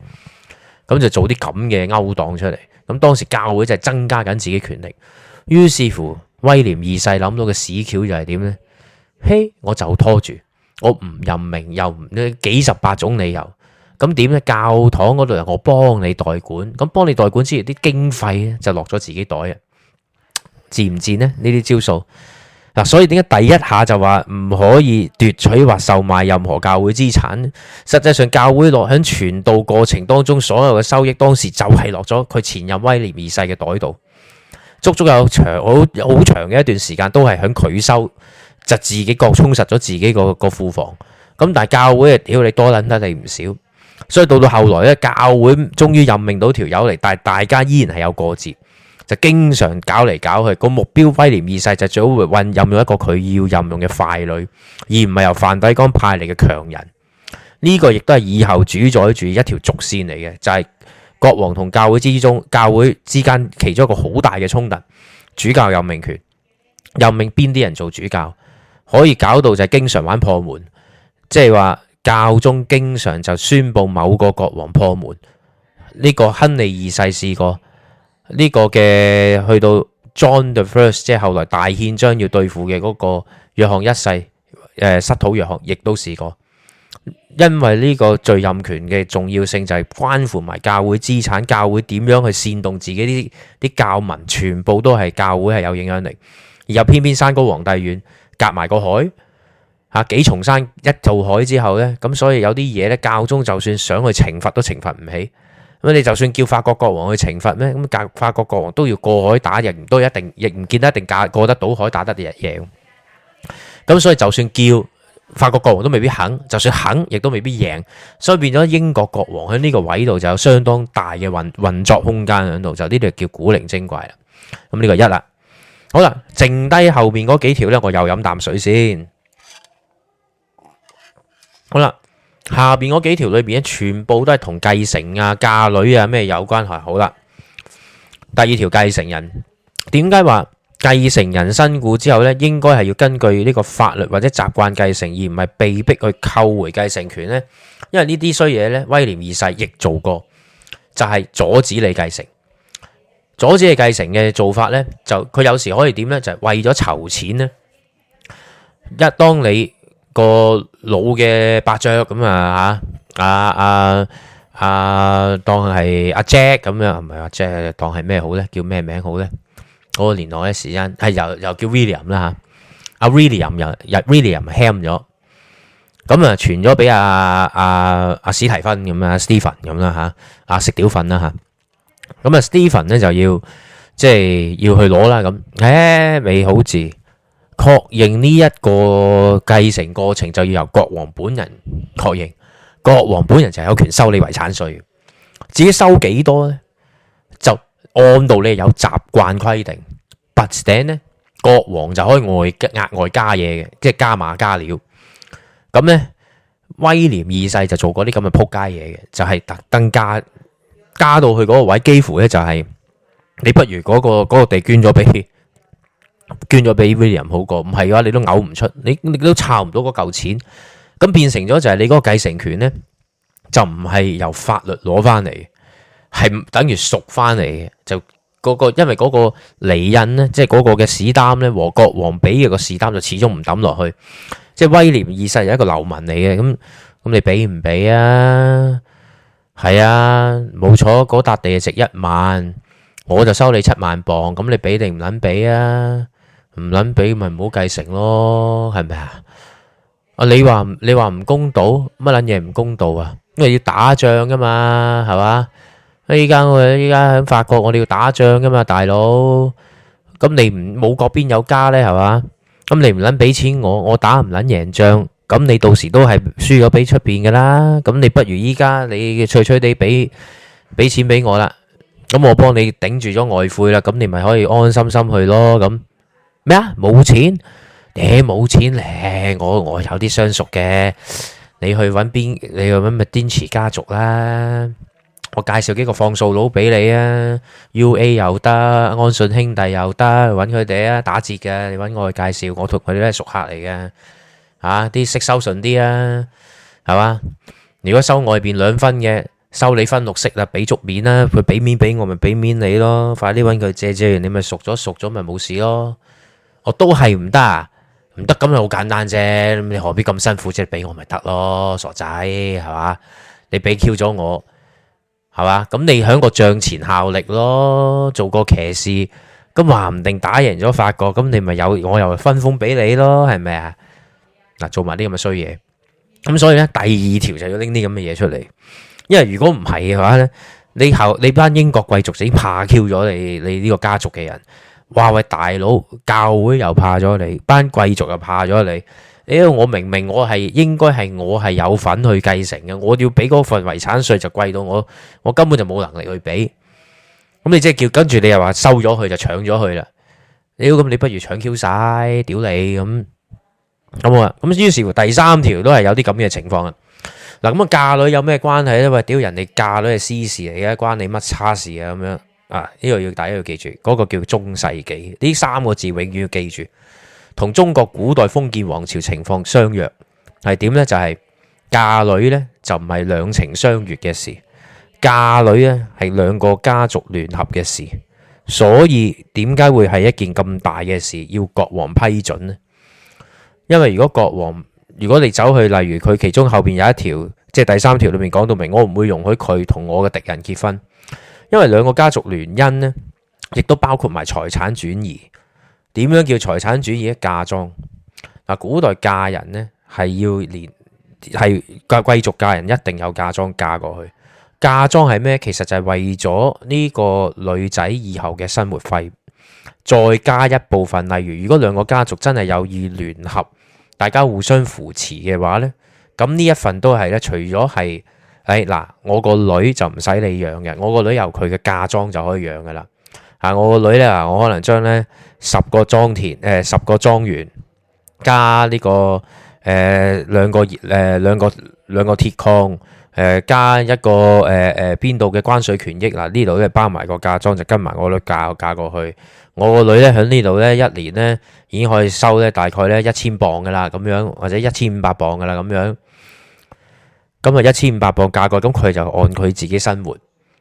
咁就做啲咁嘅勾當出嚟。咁當時教會就係增加緊自己權力。於是乎，威廉二世諗到嘅屎橋就係點呢？嘿，我就拖住，我唔任命，又唔呢幾十八種理由。咁點咧？教堂嗰度我幫你代管，咁幫你代管之餘啲經費咧就落咗自己袋啊，賤唔賤呢？呢啲招數嗱、啊，所以點解第一下就話唔可以奪取或售賣任何教會資產咧？實際上教會落響傳道過程當中所有嘅收益，當時就係落咗佢前任威廉二世嘅袋度，足足有長好好長嘅一段時間都係響佢收，就自己各充實咗自己個個庫房。咁但係教會啊，屌你多撚得你唔少。所以到到後來咧，教會終於任命到條友嚟，但係大家依然係有過節，就經常搞嚟搞去。個目標威廉二世就最好會任用一個佢要任用嘅傀儡，而唔係由梵蒂岡派嚟嘅強人。呢個亦都係以後主宰住一條軸線嚟嘅，就係國王同教會之中，教會之間其中一個好大嘅衝突，主教任命權，任命邊啲人做主教，可以搞到就係經常玩破門，即係話。教宗經常就宣布某個國王破門，呢、這個亨利二世試過，呢、這個嘅去到 John the First，即係後來大憲章要對付嘅嗰個約翰一世，誒、呃，失土約翰亦都試過，因為呢個敘任權嘅重要性就係關乎埋教會資產，教會點樣去煽動自己啲啲教民，全部都係教會係有影響力，而又偏偏山高皇帝遠，隔埋個海。啊！幾重山一造海之後咧，咁所以有啲嘢咧，教宗就算想去懲罰都懲罰唔起。咁你就算叫法國國王去懲罰咩？咁法法國國王都要過海打人，都一定亦唔見得一定架過得到海打得贏。咁所以就算叫法國國王都未必肯，就算肯亦都未必贏。所以變咗英國國王喺呢個位度就有相當大嘅運運作空間喺度，就呢啲叫古靈精怪啦。咁呢個一啦，好啦，剩低後面嗰幾條咧，我又飲啖水先。好啦，下邊嗰幾條裏邊咧，全部都係同繼承啊、嫁女啊咩有關係。好啦，第二條繼承人，點解話繼承人身故之後咧，應該係要根據呢個法律或者習慣繼承，而唔係被逼去扣回繼承權咧？因為呢啲衰嘢咧，威廉二世亦做過，就係阻止你繼承，阻止你繼承嘅做法咧，就佢有時可以點咧，就係為咗籌錢咧，一當你。個老嘅伯爵咁啊，啊啊啊，當係阿 Jack 咁樣，唔係阿 Jack 當係咩好咧？叫咩名好咧？嗰個年代咧，時間係又又叫 William 啦吓，阿 William 又又 William 喊咗，咁啊傳咗俾阿阿阿史提芬咁啊，Stephen 咁啦吓，阿石雕糞啦吓，咁啊 Stephen 咧就要即係要去攞啦咁，誒美好字。確認呢一個繼承過程就要由國王本人確認，國王本人就有權收你遺產稅，至於收幾多呢？就按道理有習慣規定，but then 呢國王就可以外額外加嘢嘅，即係加碼加料。咁呢，威廉二世就做過啲咁嘅撲街嘢嘅，就係、是、特登加加到去嗰個位，幾乎呢、就是，就係你不如嗰、嗰個、嗰個地捐咗俾。捐咗俾威廉好過，唔係嘅話你都嘔唔出，你你都差唔到嗰嚿錢，咁變成咗就係你嗰個繼承權呢，就唔係由法律攞翻嚟，係等於贖翻嚟嘅，就嗰、嗰個因為嗰個離印呢，即係嗰個嘅士擔呢，和國王俾嘅個士擔就始終唔抌落去，即係威廉二世係一個流民嚟嘅，咁咁你俾唔俾啊？係啊，冇錯，嗰笪地值一萬，我就收你七萬磅，咁你俾定唔捻俾啊？唔捻俾咪唔好繼承咯，係咪啊？啊，你話你話唔公道，乜捻嘢唔公道啊？因為要打仗噶嘛，係嘛？依家我依家喺法國，我哋要打仗噶嘛，大佬。咁你唔冇國邊有家呢，係嘛？咁你唔捻俾錢我，我打唔捻贏仗，咁你到時都係輸咗俾出邊噶啦。咁你不如依家你脆脆地俾俾錢俾我啦。咁我幫你頂住咗外侮啦，咁你咪可以安安心心去咯。咁。咩啊？冇錢？你冇錢咧！我我有啲相熟嘅，你去揾邊？你去揾咪滇池家族啦！我介紹幾個放數佬俾你啊！U A 又得，安信兄弟又得，揾佢哋啊！打折嘅，你揾我去介紹，我同佢哋都係熟客嚟嘅嚇。啲息收順啲啊，係嘛？如果收外邊兩分嘅，收你分六息啦，俾足面啦，佢俾面俾我咪俾面你咯。快啲揾佢借，借完，你咪熟咗熟咗咪冇事咯。我都係唔得啊，唔得咁咪好簡單啫，你何必咁辛苦啫？俾我咪得咯，傻仔係嘛？你俾 Q 咗我係嘛？咁你響個帳前效力咯，做個騎士，咁話唔定打贏咗法國，咁你咪有，我又分封俾你咯，係咪啊？嗱，做埋啲咁嘅衰嘢，咁所以咧第二條就要拎啲咁嘅嘢出嚟，因為如果唔係嘅話咧，你後你班英國貴族死怕 Q 咗你你呢個家族嘅人。哇喂，大佬，教會又怕咗你，班貴族又怕咗你。屌、哎，我明明我係應該係我係有份去繼承嘅，我要俾嗰份遺產稅就貴到我，我根本就冇能力去俾。咁你即係叫跟住你又話收咗佢就搶咗佢啦。屌、哎，咁你不如搶 Q 晒，屌你咁。咁啊，咁於是乎第三條都係有啲咁嘅情況啊。嗱，咁啊嫁女有咩關係咧？喂，屌，人哋嫁女係私事嚟嘅，關你乜叉事啊？咁樣。啊！呢、這個要大家要記住，嗰、這個叫中世紀，呢三個字永遠要記住，同中國古代封建王朝情況相若。係點呢？就係、是、嫁女呢，就唔係兩情相悅嘅事，嫁女呢，係兩個家族聯合嘅事。所以點解會係一件咁大嘅事要國王批准呢？因為如果國王，如果你走去，例如佢其中後面有一條，即係第三條裏面講到明，我唔會容許佢同我嘅敵人結婚。因為兩個家族聯姻呢，亦都包括埋財產轉移。點樣叫財產轉移？嫁妝啊，古代嫁人呢，係要連繫貴族嫁人一定有嫁妝嫁過去。嫁妝係咩？其實就係為咗呢個女仔以後嘅生活費，再加一部分。例如，如果兩個家族真係有意聯合，大家互相扶持嘅話呢，咁呢一份都係咧，除咗係。哎嗱，我個女就唔使你養嘅，我個女由佢嘅嫁妝就可以養噶啦。啊，我個女咧，我可能將咧十個莊田，誒十個莊園，加呢個誒兩個誒兩個兩個鐵礦，誒加一個誒誒邊度嘅關稅權益。嗱呢度咧包埋個嫁妝，就跟埋我女嫁嫁過去。我個女咧喺呢度咧一年咧已經可以收咧大概咧一千鎊噶啦，咁樣或者一千五百鎊噶啦咁樣。咁啊，一千五百磅價格，咁佢就按佢自己生活，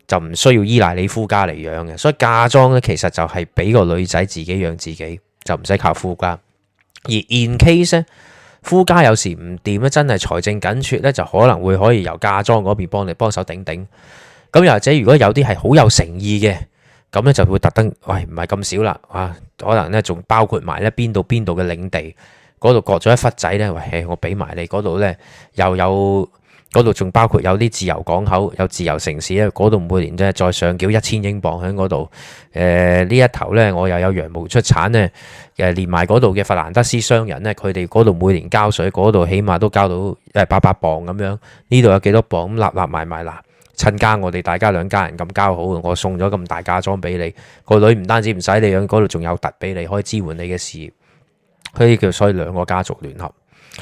就唔需要依賴你夫家嚟養嘅。所以嫁妝咧，其實就係俾個女仔自己養自己，就唔使靠夫家。而 in case 咧，夫家有時唔掂咧，真係財政緊絀咧，就可能會可以由嫁妝嗰邊幫你幫手頂頂。咁又或者，如果有啲係好有誠意嘅，咁咧就會特登，喂唔係咁少啦，啊，可能咧仲包括埋咧邊度邊度嘅領地，嗰度割咗一忽仔咧，喂，我俾埋你嗰度咧，又有。嗰度仲包括有啲自由港口，有自由城市咧。嗰度每年即係再上繳一千英鎊喺嗰度。誒、呃、呢一頭呢，我又有羊毛出產呢。誒連埋嗰度嘅法蘭德斯商人呢，佢哋嗰度每年交稅，嗰度起碼都交到誒八百鎊咁樣。呢度有幾多鎊咁，立立埋埋嗱親家，我哋大家兩家人咁交好，我送咗咁大嫁妝俾你個女，唔單止唔使你養嗰度，仲有凸俾你可以支援你嘅事業。所以叫所以兩個家族聯合，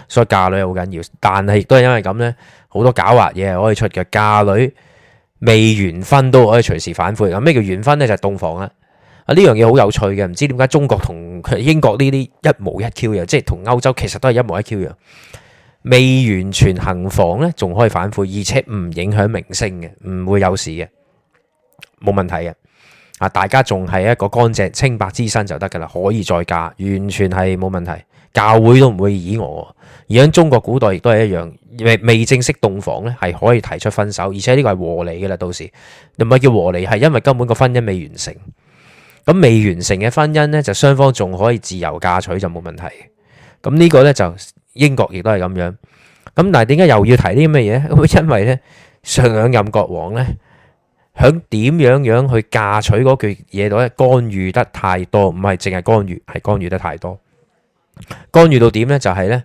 所以嫁女好緊要，但係亦都係因為咁呢。好多狡猾嘢可以出嘅，嫁女未完婚都可以隨時反悔。咁咩叫完婚呢？就係洞房啦。啊，呢樣嘢好有趣嘅，唔知點解中國同英國呢啲一模一 Q 嘅，即係同歐洲其實都係一模一 Q 嘅，未完全行房呢，仲可以反悔，而且唔影響明星嘅，唔會有事嘅，冇問題嘅。啊，大家仲係一個乾淨清白之身就得噶啦，可以再嫁，完全係冇問題。教會都唔會以我，而喺中國古代亦都係一樣，未未正式洞房咧，係可以提出分手，而且呢個係和離噶啦，到時唔係叫和離，係因為根本個婚姻未完成，咁未完成嘅婚姻咧，就雙方仲可以自由嫁娶就冇問題。咁呢個咧就英國亦都係咁樣。咁但係點解又要提啲咁嘅嘢？因為咧上兩任國王咧響點樣樣去嫁娶嗰句嘢度咧干預得太多，唔係淨係干預，係干預得太多。幹預到點呢？就係、是、呢，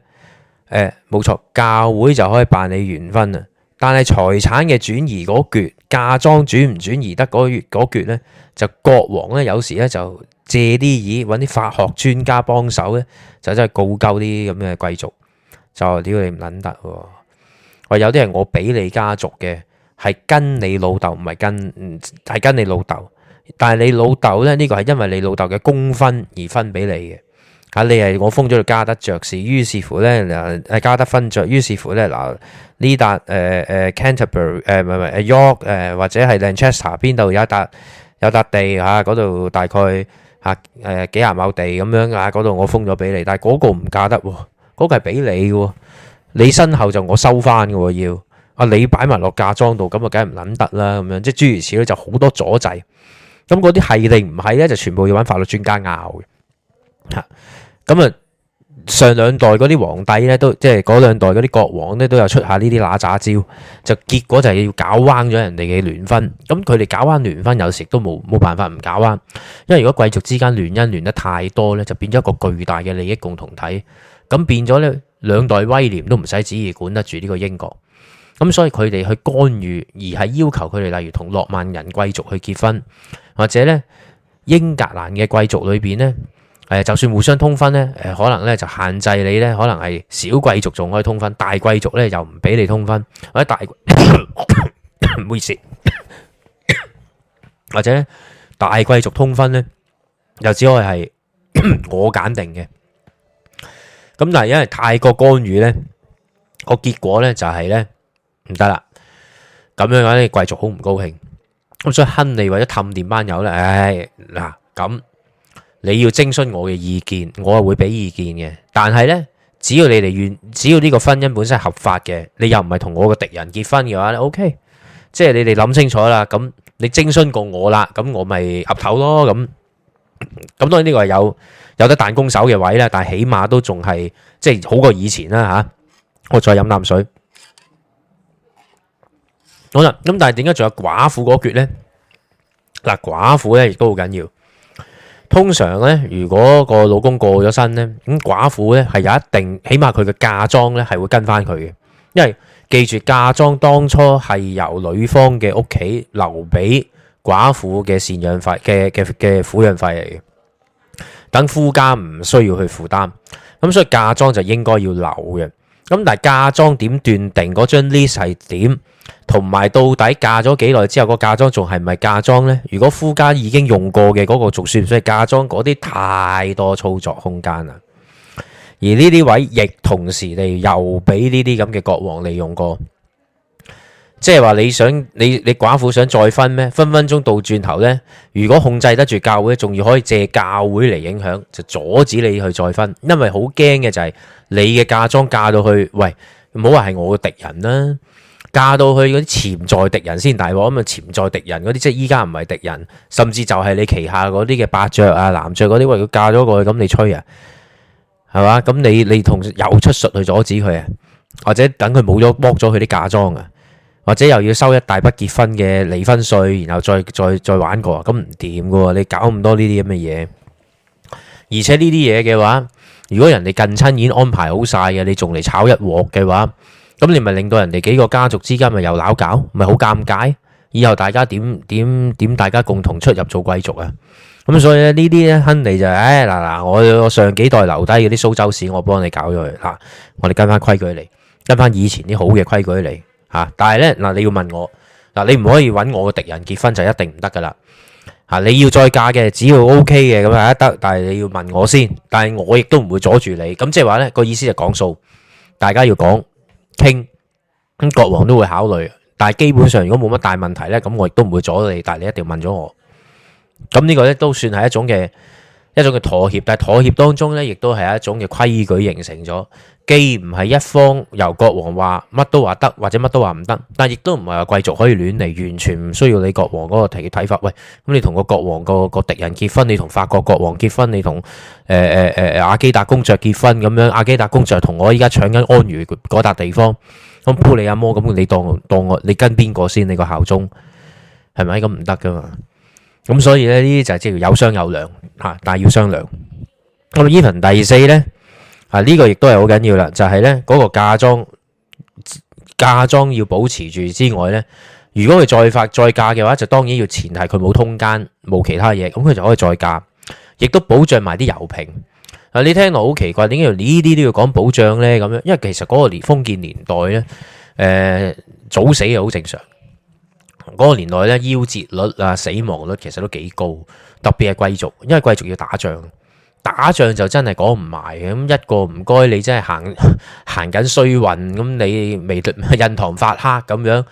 誒，冇錯，教會就可以辦理完婚啊。但係財產嘅轉移嗰橛，嫁妝轉唔轉移得嗰月橛呢，就國王呢，有時呢，就借啲耳，揾啲法學專家幫手呢就真係告鳩啲咁嘅貴族，就屌你唔撚得。有我有啲人我俾你家族嘅，係跟你老豆，唔係跟，係、嗯、跟你老豆。但係你老豆呢，呢、這個係因為你老豆嘅公分而分俾你嘅。啊！你係我封咗度加得爵士，於是乎咧嗱，誒加得分著，於是乎咧嗱，呢笪誒誒 Canterbury 誒，唔係唔係 York 誒，或者係 Lancaster 邊度有一笪有笪地嚇，嗰、啊、度大概嚇誒、啊、幾廿畝地咁樣啊，嗰度我封咗俾你，但係嗰個唔嫁得喎，嗰、啊那個係俾你嘅喎，你身後就我收翻嘅喎，要啊你擺埋落嫁妝度，咁啊梗係唔撚得啦，咁樣即係諸如此類就好多阻滯，咁嗰啲係定唔係咧，就全部要揾法律專家拗嘅嚇。啊。咁啊，上兩代嗰啲皇帝咧，都即係嗰兩代嗰啲國王咧，都有出下呢啲乸渣招，就結果就係要搞彎咗人哋嘅聯婚。咁佢哋搞彎聯婚，有時都冇冇辦法唔搞彎。因為如果貴族之間聯姻聯得太多咧，就變咗一個巨大嘅利益共同體。咁變咗咧，兩代威廉都唔使旨意管得住呢個英國。咁所以佢哋去干預，而係要求佢哋，例如同諾曼人貴族去結婚，或者咧英格蘭嘅貴族裏邊咧。誒，就算互相通婚咧，誒，可能咧就限制你咧，可能係小貴族仲可以通婚，大貴族咧又唔俾你通婚，或者大，唔好意思，或者大貴族通婚咧，又只可以係我揀定嘅。咁但係因為太過干預咧，個結果咧就係咧唔得啦。咁樣嘅話咧，貴族好唔高興，咁所以亨利為咗氹掂班友咧，唉嗱咁。你要徵詢我嘅意見，我係會俾意見嘅。但係咧，只要你哋願，只要呢個婚姻本身係合法嘅，你又唔係同我個敵人結婚嘅話，你 OK。即係你哋諗清楚啦。咁你徵詢過我啦，咁我咪岌頭咯。咁咁當然呢個係有有得彈弓手嘅位啦，但係起碼都仲係即係好過以前啦嚇。我再飲啖水。好啦，咁但係點解仲有寡婦嗰橛咧？嗱，寡婦咧亦都好緊要。通常咧，如果個老公過咗身咧，咁寡婦咧係有一定，起碼佢嘅嫁妝咧係會跟翻佢嘅，因為記住嫁妝當初係由女方嘅屋企留俾寡婦嘅贍養費嘅嘅嘅撫養費嚟嘅，等夫家唔需要去負擔，咁所以嫁妝就應該要留嘅。咁但係嫁妝點斷定嗰張 list 係點，同埋到底嫁咗幾耐之後個嫁妝仲係咪嫁妝呢？如果夫家已經用過嘅嗰個，仲算唔算係嫁妝？嗰啲太多操作空間啦。而呢啲位亦同時地又俾呢啲咁嘅國王利用過，即係話你想你你寡婦想再分咩？分分鐘倒轉頭呢？如果控制得住教會，仲要可以借教會嚟影響，就阻止你去再分，因為好驚嘅就係、是。你嘅嫁妝嫁到去，喂，唔好話係我嘅敵人啦，嫁到去嗰啲潛在敵人先大鑊，咁啊潛在敵人嗰啲，即係依家唔係敵人，甚至就係你旗下嗰啲嘅伯爵啊、男爵嗰啲，喂，佢嫁咗過去，咁你吹啊，係嘛？咁你你同又出術去阻止佢啊，或者等佢冇咗剝咗佢啲嫁妝啊，或者又要收一大筆結婚嘅離婚稅，然後再再再玩過啊，咁唔掂噶喎，你搞咁多呢啲咁嘅嘢，而且呢啲嘢嘅話。如果人哋近親已經安排好晒嘅，你仲嚟炒一鑊嘅話，咁你咪令到人哋幾個家族之間咪又鬧搞，咪好尷尬。以後大家點點點，大家共同出入做貴族啊？咁所以呢啲咧，亨利就唉嗱嗱，我上幾代留低嗰啲蘇州市，我幫你搞咗佢嚇。我哋跟翻規矩嚟，跟翻以前啲好嘅規矩嚟嚇、啊。但係咧嗱，你要問我嗱，你唔可以揾我嘅敵人結婚就一定唔得噶啦。吓，你要再嫁嘅，只要 OK 嘅咁就得，但係你要問我先，但係我亦都唔會阻住你，咁即係話呢個意思就講數，大家要講傾，咁國王都會考慮，但係基本上如果冇乜大問題呢，咁我亦都唔會阻你，但係你一定要問咗我，咁呢個呢，都算係一種嘅。一種嘅妥協，但係妥協當中咧，亦都係一種嘅規矩形成咗，既唔係一方由國王話乜都話得，或者乜都話唔得，但亦都唔係話貴族可以亂嚟，完全唔需要你國王嗰個提嘅睇法。喂，咁你同個國王個個敵人結婚，你同法國國王結婚，你同誒誒誒阿基達公爵結婚咁樣，阿基達公爵同我依家搶緊安茹嗰笪地方，咁，那個，布里阿摩，咁你當當我你跟邊個先？你個效忠係咪？咁唔得噶嘛？咁所以咧，呢啲就係即係有商有量嚇，但係要商量。咁依份第四呢，啊呢個亦都係好緊要啦，就係呢嗰個嫁妝，嫁妝要保持住之外呢，如果佢再發再嫁嘅話，就當然要前提佢冇通姦冇其他嘢，咁佢就可以再嫁，亦都保障埋啲油瓶。啊，你聽落好奇怪，點解呢啲都要講保障呢？咁樣，因為其實嗰個年封建年代呢，誒早死又好正常。嗰個年代咧，夭折率啊，死亡率其實都幾高，特別係貴族，因為貴族要打仗，打仗就真係講唔埋咁一個唔該，你真係行行緊衰運咁，你未印堂發黑咁樣，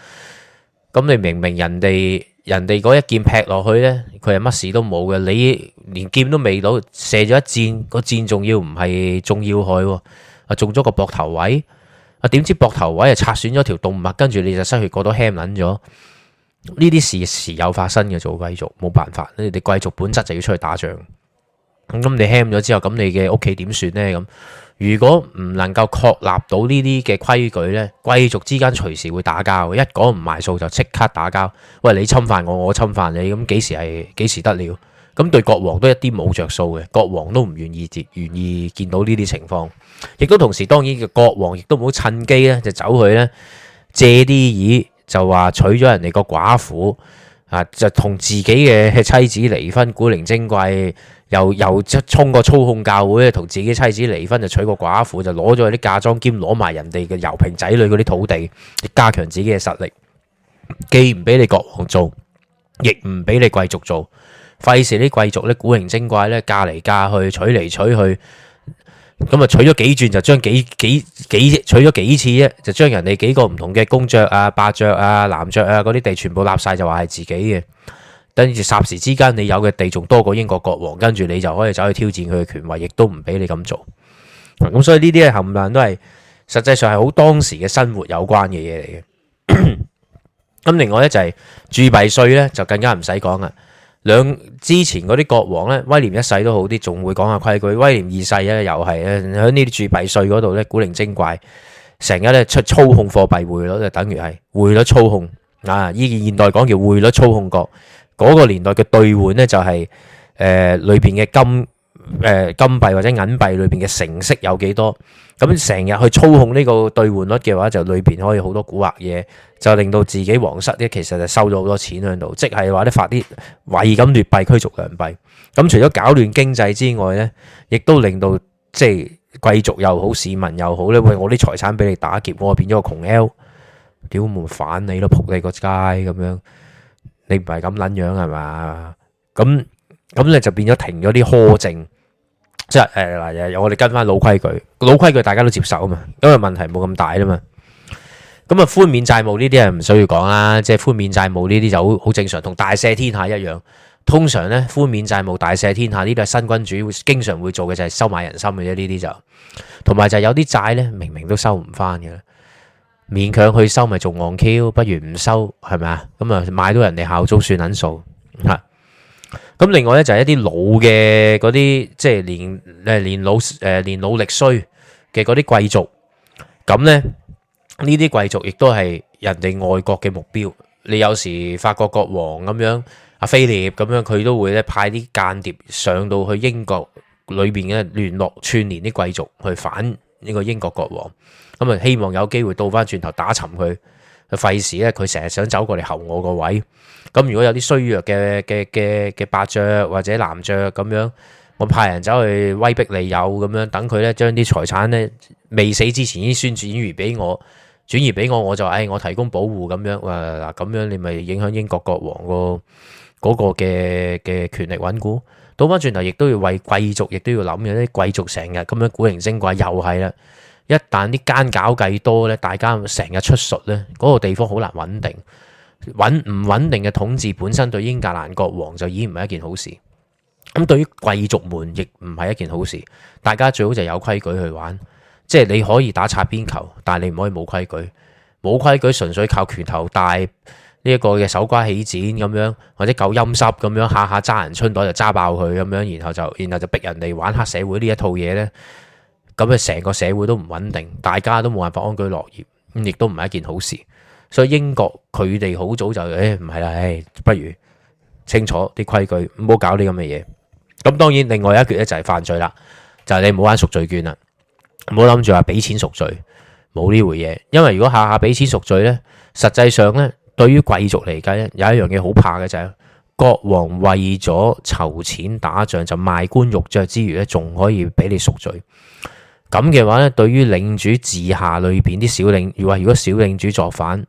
咁你明明人哋人哋嗰一劍劈落去呢，佢係乜事都冇嘅，你連劍都未攞射咗一箭，個箭仲要唔係中要害啊，啊中咗個膊頭位，啊點知膊頭位啊拆損咗條動脈，跟住你就失血過多，ham 撚咗。呢啲事時有發生嘅，做貴族冇辦法，你哋貴族本質就要出去打仗。咁你慳咗之後，咁你嘅屋企點算呢？咁如果唔能夠確立到呢啲嘅規矩呢，貴族之間隨時會打交，一講唔埋數就即刻打交。喂，你侵犯我，我侵犯你，咁幾時係幾時得了？咁對國王都一啲冇着數嘅，國王都唔願意接，願意見到呢啲情況，亦都同時當然嘅國王亦都唔好趁機呢就走去呢借啲意。就話娶咗人哋個寡婦啊，就同自己嘅妻子離婚，古靈精怪又又充個操控教會，同自己妻子離婚就娶個寡婦，就攞咗啲嫁妝兼攞埋人哋嘅油瓶仔女嗰啲土地，加強自己嘅實力。既唔俾你國王做，亦唔俾你貴族做，費事啲貴族咧，古靈精怪咧，嫁嚟嫁去，娶嚟娶去。.咁啊，取咗幾轉就將幾幾幾取咗幾次啫，就將人哋幾個唔同嘅公爵啊、伯爵啊、男爵啊嗰啲地全部立晒，就話係自己嘅。跟住霎時之間，你有嘅地仲多過英國國王，跟住你就可以走去挑戰佢嘅權威，亦都唔俾你咁做。咁、嗯、所以呢啲冚唪唥都係實際上係好當時嘅生活有關嘅嘢嚟嘅。咁 另外呢、就是，就係鑄幣稅呢，就更加唔使講啊。兩之前嗰啲國王咧，威廉一世都好啲，仲會講下規矩。威廉二世咧、啊，又係咧，喺呢啲鑄幣稅嗰度咧古靈精怪，成日咧出操控貨幣匯率，就等於係匯率操控。啊，以現代講叫匯率操控國。嗰、那個年代嘅兌換咧就係、是、誒、呃、裏邊嘅金。誒金幣或者銀幣裏邊嘅成色有幾多？咁成日去操控呢個兌換率嘅話，就裏邊可以好多蠱惑嘢，就令到自己皇室咧。其實就收咗好多錢喺度，即係話啲發啲偽咁劣幣驅逐良幣。咁除咗搞亂經濟之外咧，亦都令到即係貴族又好市民又好咧。喂，我啲財產俾你打劫，我變咗個窮 L，屌，我唔反你咯，仆你個街咁樣。你唔係咁撚樣係嘛？咁咁咧就變咗停咗啲苛政，即我哋跟翻老規矩，老規矩大家都接受啊嘛，因為問題冇咁大啦嘛。咁啊，寬免債務呢啲係唔需要講啦，即係寬免債務呢啲就好好正常，同大赦天下一樣。通常呢，寬免債務、大赦天下呢啲係新君主會經常會做嘅就係、是、收買人心嘅啫。呢啲就同埋就係有啲債呢，明明都收唔翻嘅，勉強去收咪做戇 Q，不如唔收係咪啊？咁啊，買到人哋效忠算撚數吓。咁另外咧就係一啲老嘅嗰啲，即係年誒年老誒年、呃、老力衰嘅嗰啲貴族，咁咧呢啲貴族亦都係人哋外國嘅目標。你有時法國國王咁樣阿菲列咁樣，佢都會咧派啲間諜上到去英國裏邊咧聯絡串連啲貴族去反呢個英國國王，咁啊希望有機會倒翻轉頭打沉佢。佢費事咧，佢成日想走過嚟，候我個位，咁如果有啲衰弱嘅嘅嘅嘅伯爵或者男爵咁樣，我派人走去威逼利誘咁樣，等佢咧將啲財產咧未死之前已經轉移俾我，轉移俾我，我就誒、哎、我提供保護咁樣，誒嗱咁樣你咪影響英國國王個嗰個嘅嘅權力穩固。倒翻轉頭，亦都要為貴族，亦都要諗嘅，啲貴族成日咁樣古靈精怪又，又係啦。一旦啲奸搞計多咧，大家成日出術咧，嗰個地方好難穩定，穩唔穩定嘅統治本身對英格蘭國王就已經唔係一件好事，咁對於貴族們亦唔係一件好事。大家最好就有規矩去玩，即係你可以打擦邊球，但係你唔可以冇規矩。冇規矩純粹靠拳頭大呢一個嘅手瓜起脹，咁樣，或者夠陰濕咁樣，下下揸人春袋就揸爆佢咁樣，然後就然後就逼人哋玩黑社會呢一套嘢咧。咁啊，成個社會都唔穩定，大家都冇辦法安居樂業，咁亦都唔係一件好事。所以英國佢哋好早就，唉、哎，唔係啦，唉、哎，不如清楚啲規矩，唔好搞啲咁嘅嘢。咁、嗯、當然另外一橛咧就係、是、犯罪啦，就係、是、你唔好玩贖罪券啦，唔好諗住話俾錢贖罪，冇呢回嘢。因為如果下下俾錢贖罪咧，實際上咧對於貴族嚟講咧有一樣嘢好怕嘅就係、是、國王為咗籌錢打仗就賣官鬻爵之餘咧，仲可以俾你贖罪。咁嘅話咧，對於領主治下裏邊啲小領，如話如果小領主作反，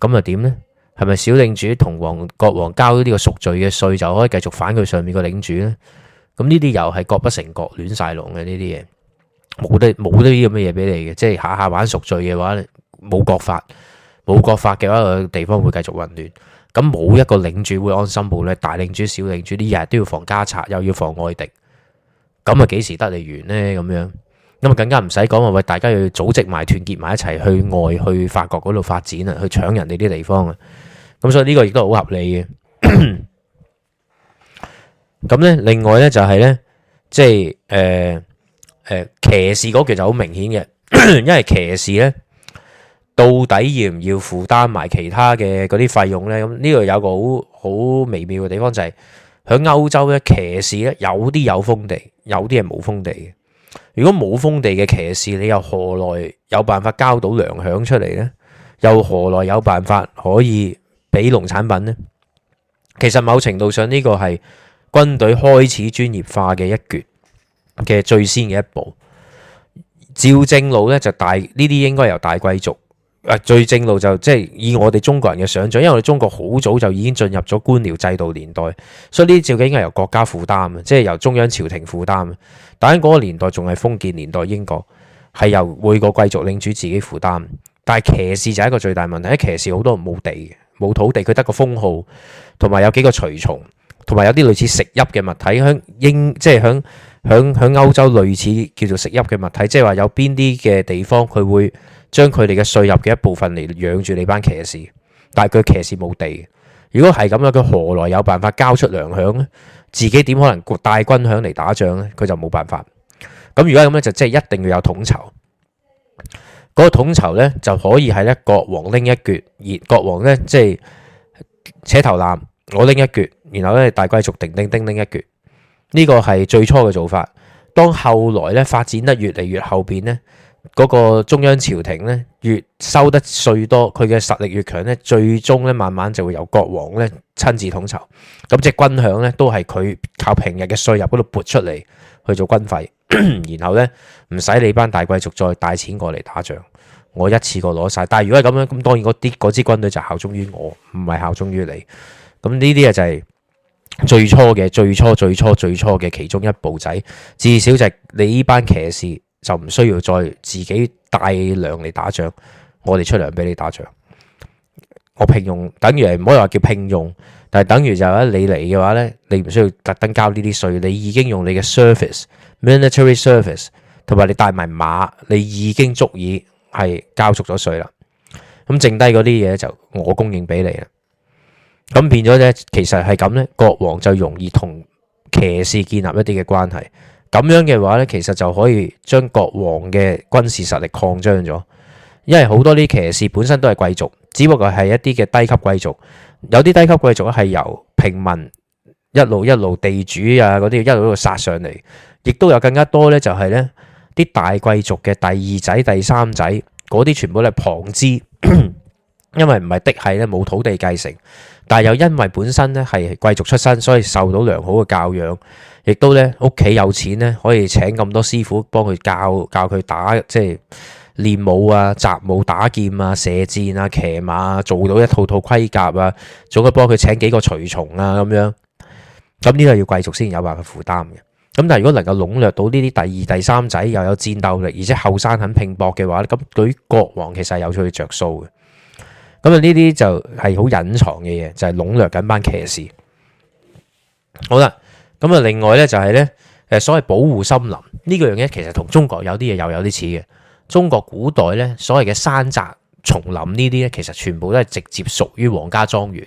咁又點呢？係咪小領主同王國王交咗呢個贖罪嘅稅，就可以繼續反佢上面個領主呢？咁呢啲又係各不成國，亂晒龍嘅呢啲嘢，冇得冇得呢啲咁嘅嘢俾你嘅，即係下下玩贖罪嘅話，冇國法，冇國法嘅話，個地方會繼續混亂。咁冇一個領主會安心住咧，大領主、小領主啲日日都要防家賊，又要防外敵，咁啊幾時得嚟完呢？咁樣。咁啊，更加唔使講，喂，大家要組織埋、團結埋一齊去外去法國嗰度發展啊，去搶人哋啲地方啊。咁所以呢個亦都好合理嘅。咁咧， 另外咧就係、是、咧，即係誒誒，騎、呃呃、士嗰句就好明顯嘅， 因為騎士咧到底要唔要負擔埋其他嘅嗰啲費用咧？咁呢度有個好好微妙嘅地方就係喺歐洲咧，騎士咧有啲有封地，有啲係冇封地嘅。如果冇封地嘅騎士，你又何來有辦法交到糧餉出嚟呢？又何來有辦法可以俾農產品呢？其實某程度上呢個係軍隊開始專業化嘅一鑊嘅最先嘅一步。照正路咧就大呢啲應該由大貴族。誒，最正路就即係以我哋中國人嘅想象，因為我哋中國好早就已經進入咗官僚制度年代，所以呢啲照計應該由國家負擔啊，即係由中央朝廷負擔啊。但喺嗰個年代仲係封建年代，英國，係由每個貴族領主自己負擔，但係騎士就係一個最大問題。騎士好多人冇地冇土地，佢得個封號，同埋有幾個隨從，同埋有啲類似食邑嘅物體，響英即係響響響歐洲類似叫做食邑嘅物體，即係話有邊啲嘅地方佢會。將佢哋嘅稅入嘅一部分嚟養住你班騎士，但係佢騎士冇地。如果係咁樣，佢何來有辦法交出糧餉咧？自己點可能帶軍餉嚟打仗咧？佢就冇辦法。咁如果咁咧，就即係一定要有統籌。嗰、那個統籌呢，就可以係一國王拎一橛，而國王呢，即、就、係、是、扯頭纜，我拎一橛，然後呢，大貴族繼續叮叮叮一橛。呢個係最初嘅做法。當後來呢，發展得越嚟越後邊呢。嗰個中央朝廷咧，越收得稅多，佢嘅實力越強咧，最終咧慢慢就會由國王咧親自統籌。咁即係軍餉咧，都係佢靠平日嘅稅入嗰度撥出嚟去做軍費， 然後咧唔使你班大貴族再帶錢過嚟打仗。我一次過攞晒。但係如果係咁樣，咁當然嗰啲支軍隊就效忠於我，唔係效忠於你。咁呢啲嘢就係最初嘅最初最初最初嘅其中一步仔。至少就係你呢班騎士。就唔需要再自己帶糧嚟，打仗，我哋出糧俾你打仗。我聘用等於唔好話叫聘用，但係等於就係你嚟嘅話呢，你唔需要特登交呢啲稅，你已經用你嘅 service，military service，同埋你帶埋馬，你已經足以係交足咗稅啦。咁剩低嗰啲嘢，就我供應俾你啦。咁變咗呢，其實係咁呢，國王就容易同騎士建立一啲嘅關係。咁樣嘅話呢，其實就可以將國王嘅軍事實力擴張咗，因為好多啲騎士本身都係貴族，只不過係一啲嘅低級貴族，有啲低級貴族咧係由平民一路一路地主啊嗰啲一路一路殺上嚟，亦都有更加多呢就係呢啲大貴族嘅第二仔、第三仔，嗰啲全部都係旁支， 因為唔係嫡系呢冇土地繼承，但又因為本身呢係貴族出身，所以受到良好嘅教養。亦都咧屋企有錢咧，可以請咁多師傅幫佢教教佢打，即係練武啊、習武、打劍啊、射箭啊、騎馬啊，做到一套一套盔甲啊，總可以幫佢請幾個隨從啊咁樣。咁呢個要貴族先有辦法負擔嘅。咁但係如果能夠籠絡到呢啲第二、第三仔又有戰鬥力，而且後生肯拼搏嘅話咧，咁對於國王其實係有佢着數嘅。咁啊，呢啲就係好隱藏嘅嘢，就係籠絡緊班騎士。好啦。咁啊，另外咧就係咧，誒，所謂保護森林呢個樣嘢，其實同中國有啲嘢又有啲似嘅。中國古代咧，所謂嘅山澤叢林呢啲咧，其實全部都係直接屬於皇家莊園，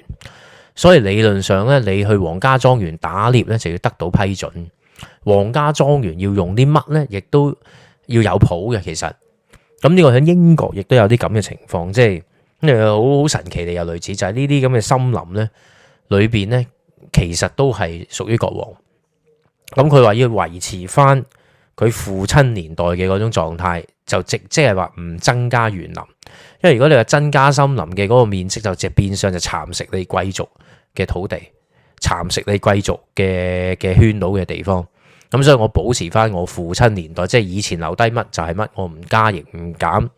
所以理論上咧，你去皇家莊園打獵咧，就要得到批准。皇家莊園要用啲乜咧，亦都要有譜嘅。其實，咁呢個喺英國亦都有啲咁嘅情況，即係，呢個好好神奇地有類似，就係呢啲咁嘅森林咧，裏邊咧。其實都係屬於國王，咁佢話要維持翻佢父親年代嘅嗰種狀態，就即即係話唔增加園林，因為如果你話增加森林嘅嗰個面積，就即變相就蠶食你貴族嘅土地，蠶食你貴族嘅嘅圈到嘅地方。咁所以我保持翻我父親年代，即係以前留低乜就係乜，我唔加亦唔減，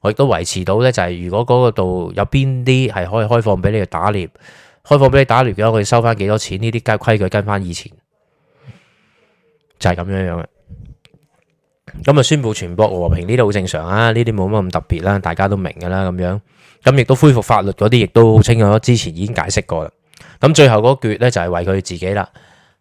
我亦都維持到呢，就係如果嗰度有邊啲係可以開放俾你去打獵。開放俾你打亂咗，佢收翻幾多錢？呢啲皆規矩跟翻以前，就係、是、咁樣樣嘅。咁啊，宣佈傳播和平呢啲好正常啊，呢啲冇乜咁特別啦，大家都明㗎啦咁樣。咁亦都恢復法律嗰啲，亦都好清楚。之前已經解釋過啦。咁最後嗰撅咧，就係為佢自己啦。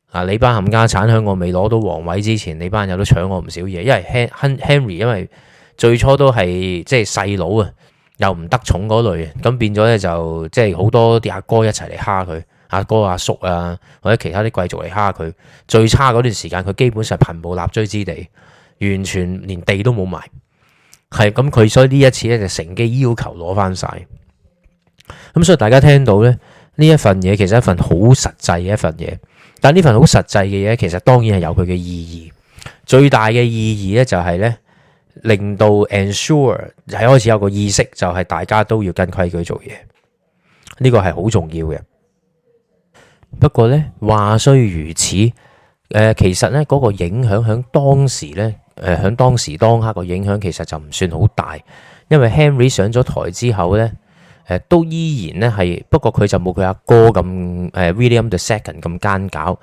啊，你班冚家鏟響我未攞到皇位之前，你班友都搶我唔少嘢，因為 Henry 因為最初都係即係細佬啊。就是弟弟又唔得寵嗰類，咁變咗咧就即係好多啲阿哥，哥一齊嚟蝦佢，阿哥阿叔啊，或者其他啲貴族嚟蝦佢。最差嗰段時間，佢基本上貧無立錐之地，完全連地都冇埋。係咁，佢所以呢一次咧就乘機要求攞翻晒。咁所以大家聽到咧呢一份嘢，其實一份好實際嘅一份嘢。但呢份好實際嘅嘢，其實當然係有佢嘅意義。最大嘅意義咧就係咧。令到 ensure 喺開始有個意識，就係、是、大家都要跟規矩做嘢，呢個係好重要嘅。不過呢，話雖如此，誒、呃、其實呢嗰、那個影響喺當時呢，誒、呃、喺當時當刻個影響其實就唔算好大，因為 Henry 上咗台之後呢，呃、都依然呢，係，不過佢就冇佢阿哥咁，誒、呃、William the Second 咁奸狡。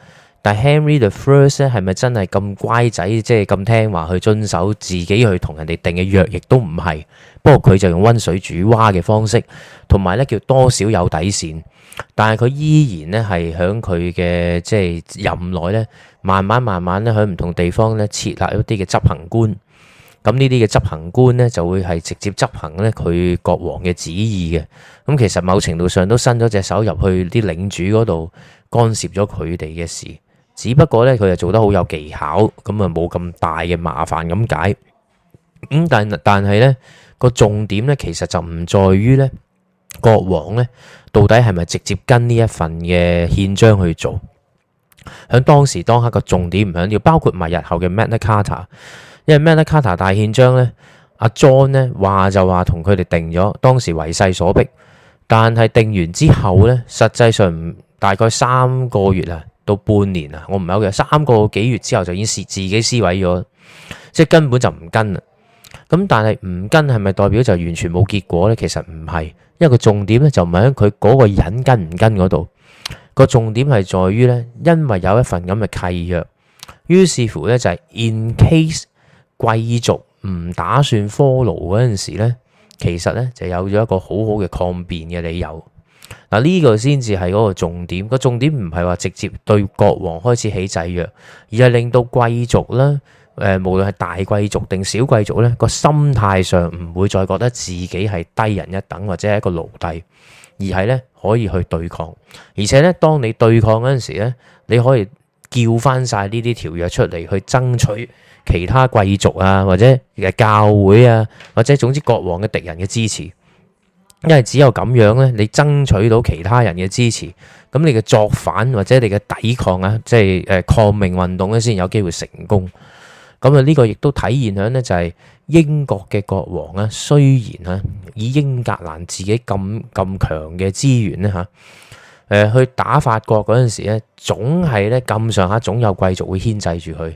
但 Henry the First 咧，係咪真係咁乖仔，即係咁聽話去遵守自己去同人哋定嘅約？亦都唔係。不過佢就用溫水煮蛙嘅方式，同埋咧叫多少有底線，但係佢依然咧係響佢嘅即係任內咧，慢慢慢慢咧響唔同地方咧設立一啲嘅執行官。咁呢啲嘅執行官咧就會係直接執行咧佢國王嘅旨意嘅。咁其實某程度上都伸咗隻手入去啲領主嗰度，干涉咗佢哋嘅事。只不過咧，佢就做得好有技巧，咁啊冇咁大嘅麻煩咁解。咁但但係咧，個重點咧，其實就唔在於咧國王咧到底係咪直接跟呢一份嘅憲章去做？喺當時當刻個重點唔響要包括埋日後嘅 Magna Carta，因為 Magna Carta 大憲章咧，阿 John 咧話就話同佢哋定咗，當時為勢所逼，但係定完之後咧，實際上唔大概三個月啊。到半年啊，我唔係好記得，三個幾月之後就已經是自己撕毀咗，即係根本就唔跟啦。咁但係唔跟係咪代表就完全冇結果呢？其實唔係，因為個重點咧就唔係喺佢嗰個人跟唔跟嗰度，個重點係在於呢，因為有一份咁嘅契約，於是乎呢，就係 in case 貴族唔打算 follow 嗰陣時咧，其實呢就有咗一個好好嘅抗辯嘅理由。嗱，呢個先至係嗰個重點，個重點唔係話直接對國王開始起制約，而係令到貴族啦，誒、呃，無論係大貴族定小貴族咧，個心態上唔會再覺得自己係低人一等或者係一個奴隸，而係咧可以去對抗，而且咧當你對抗嗰陣時咧，你可以叫翻晒呢啲條約出嚟去爭取其他貴族啊，或者誒教會啊，或者總之國王嘅敵人嘅支持。因為只有咁樣咧，你爭取到其他人嘅支持，咁你嘅作反或者你嘅抵抗啊，即係誒抗命運動咧，先有機會成功。咁啊，呢個亦都體現響呢，就係英國嘅國王啊，雖然啊，以英格蘭自己咁咁強嘅資源咧吓，誒去打法國嗰陣時咧，總係咧，咁上下總有貴族會牽制住佢，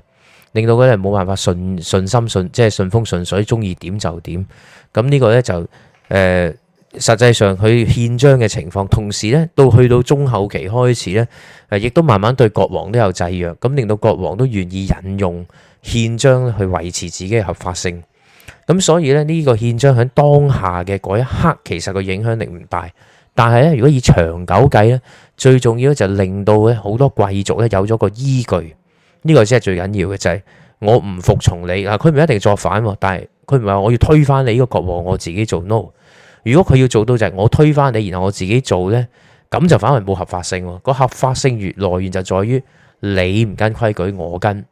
令到佢哋冇辦法順順心順即係順風順水，中意點就點。咁、這、呢個咧就誒。呃實際上佢憲章嘅情況，同時咧到去到中後期開始咧，誒亦都慢慢對國王都有制約，咁令到國王都願意引用憲章去維持自己嘅合法性。咁所以咧呢個憲章喺當下嘅嗰一刻，其實個影響力唔大。但係咧，如果以長久計咧，最重要就令到咧好多貴族咧有咗個依據，呢、這個先係最緊要嘅。就係、是、我唔服從你嗱，佢唔一定作反，但係佢唔係話我要推翻你呢個國王，我自己做 no。如果佢要做到就係我推翻你，然後我自己做呢，咁就反而冇合法性。個合法性越來源就在於你唔跟規矩，我跟，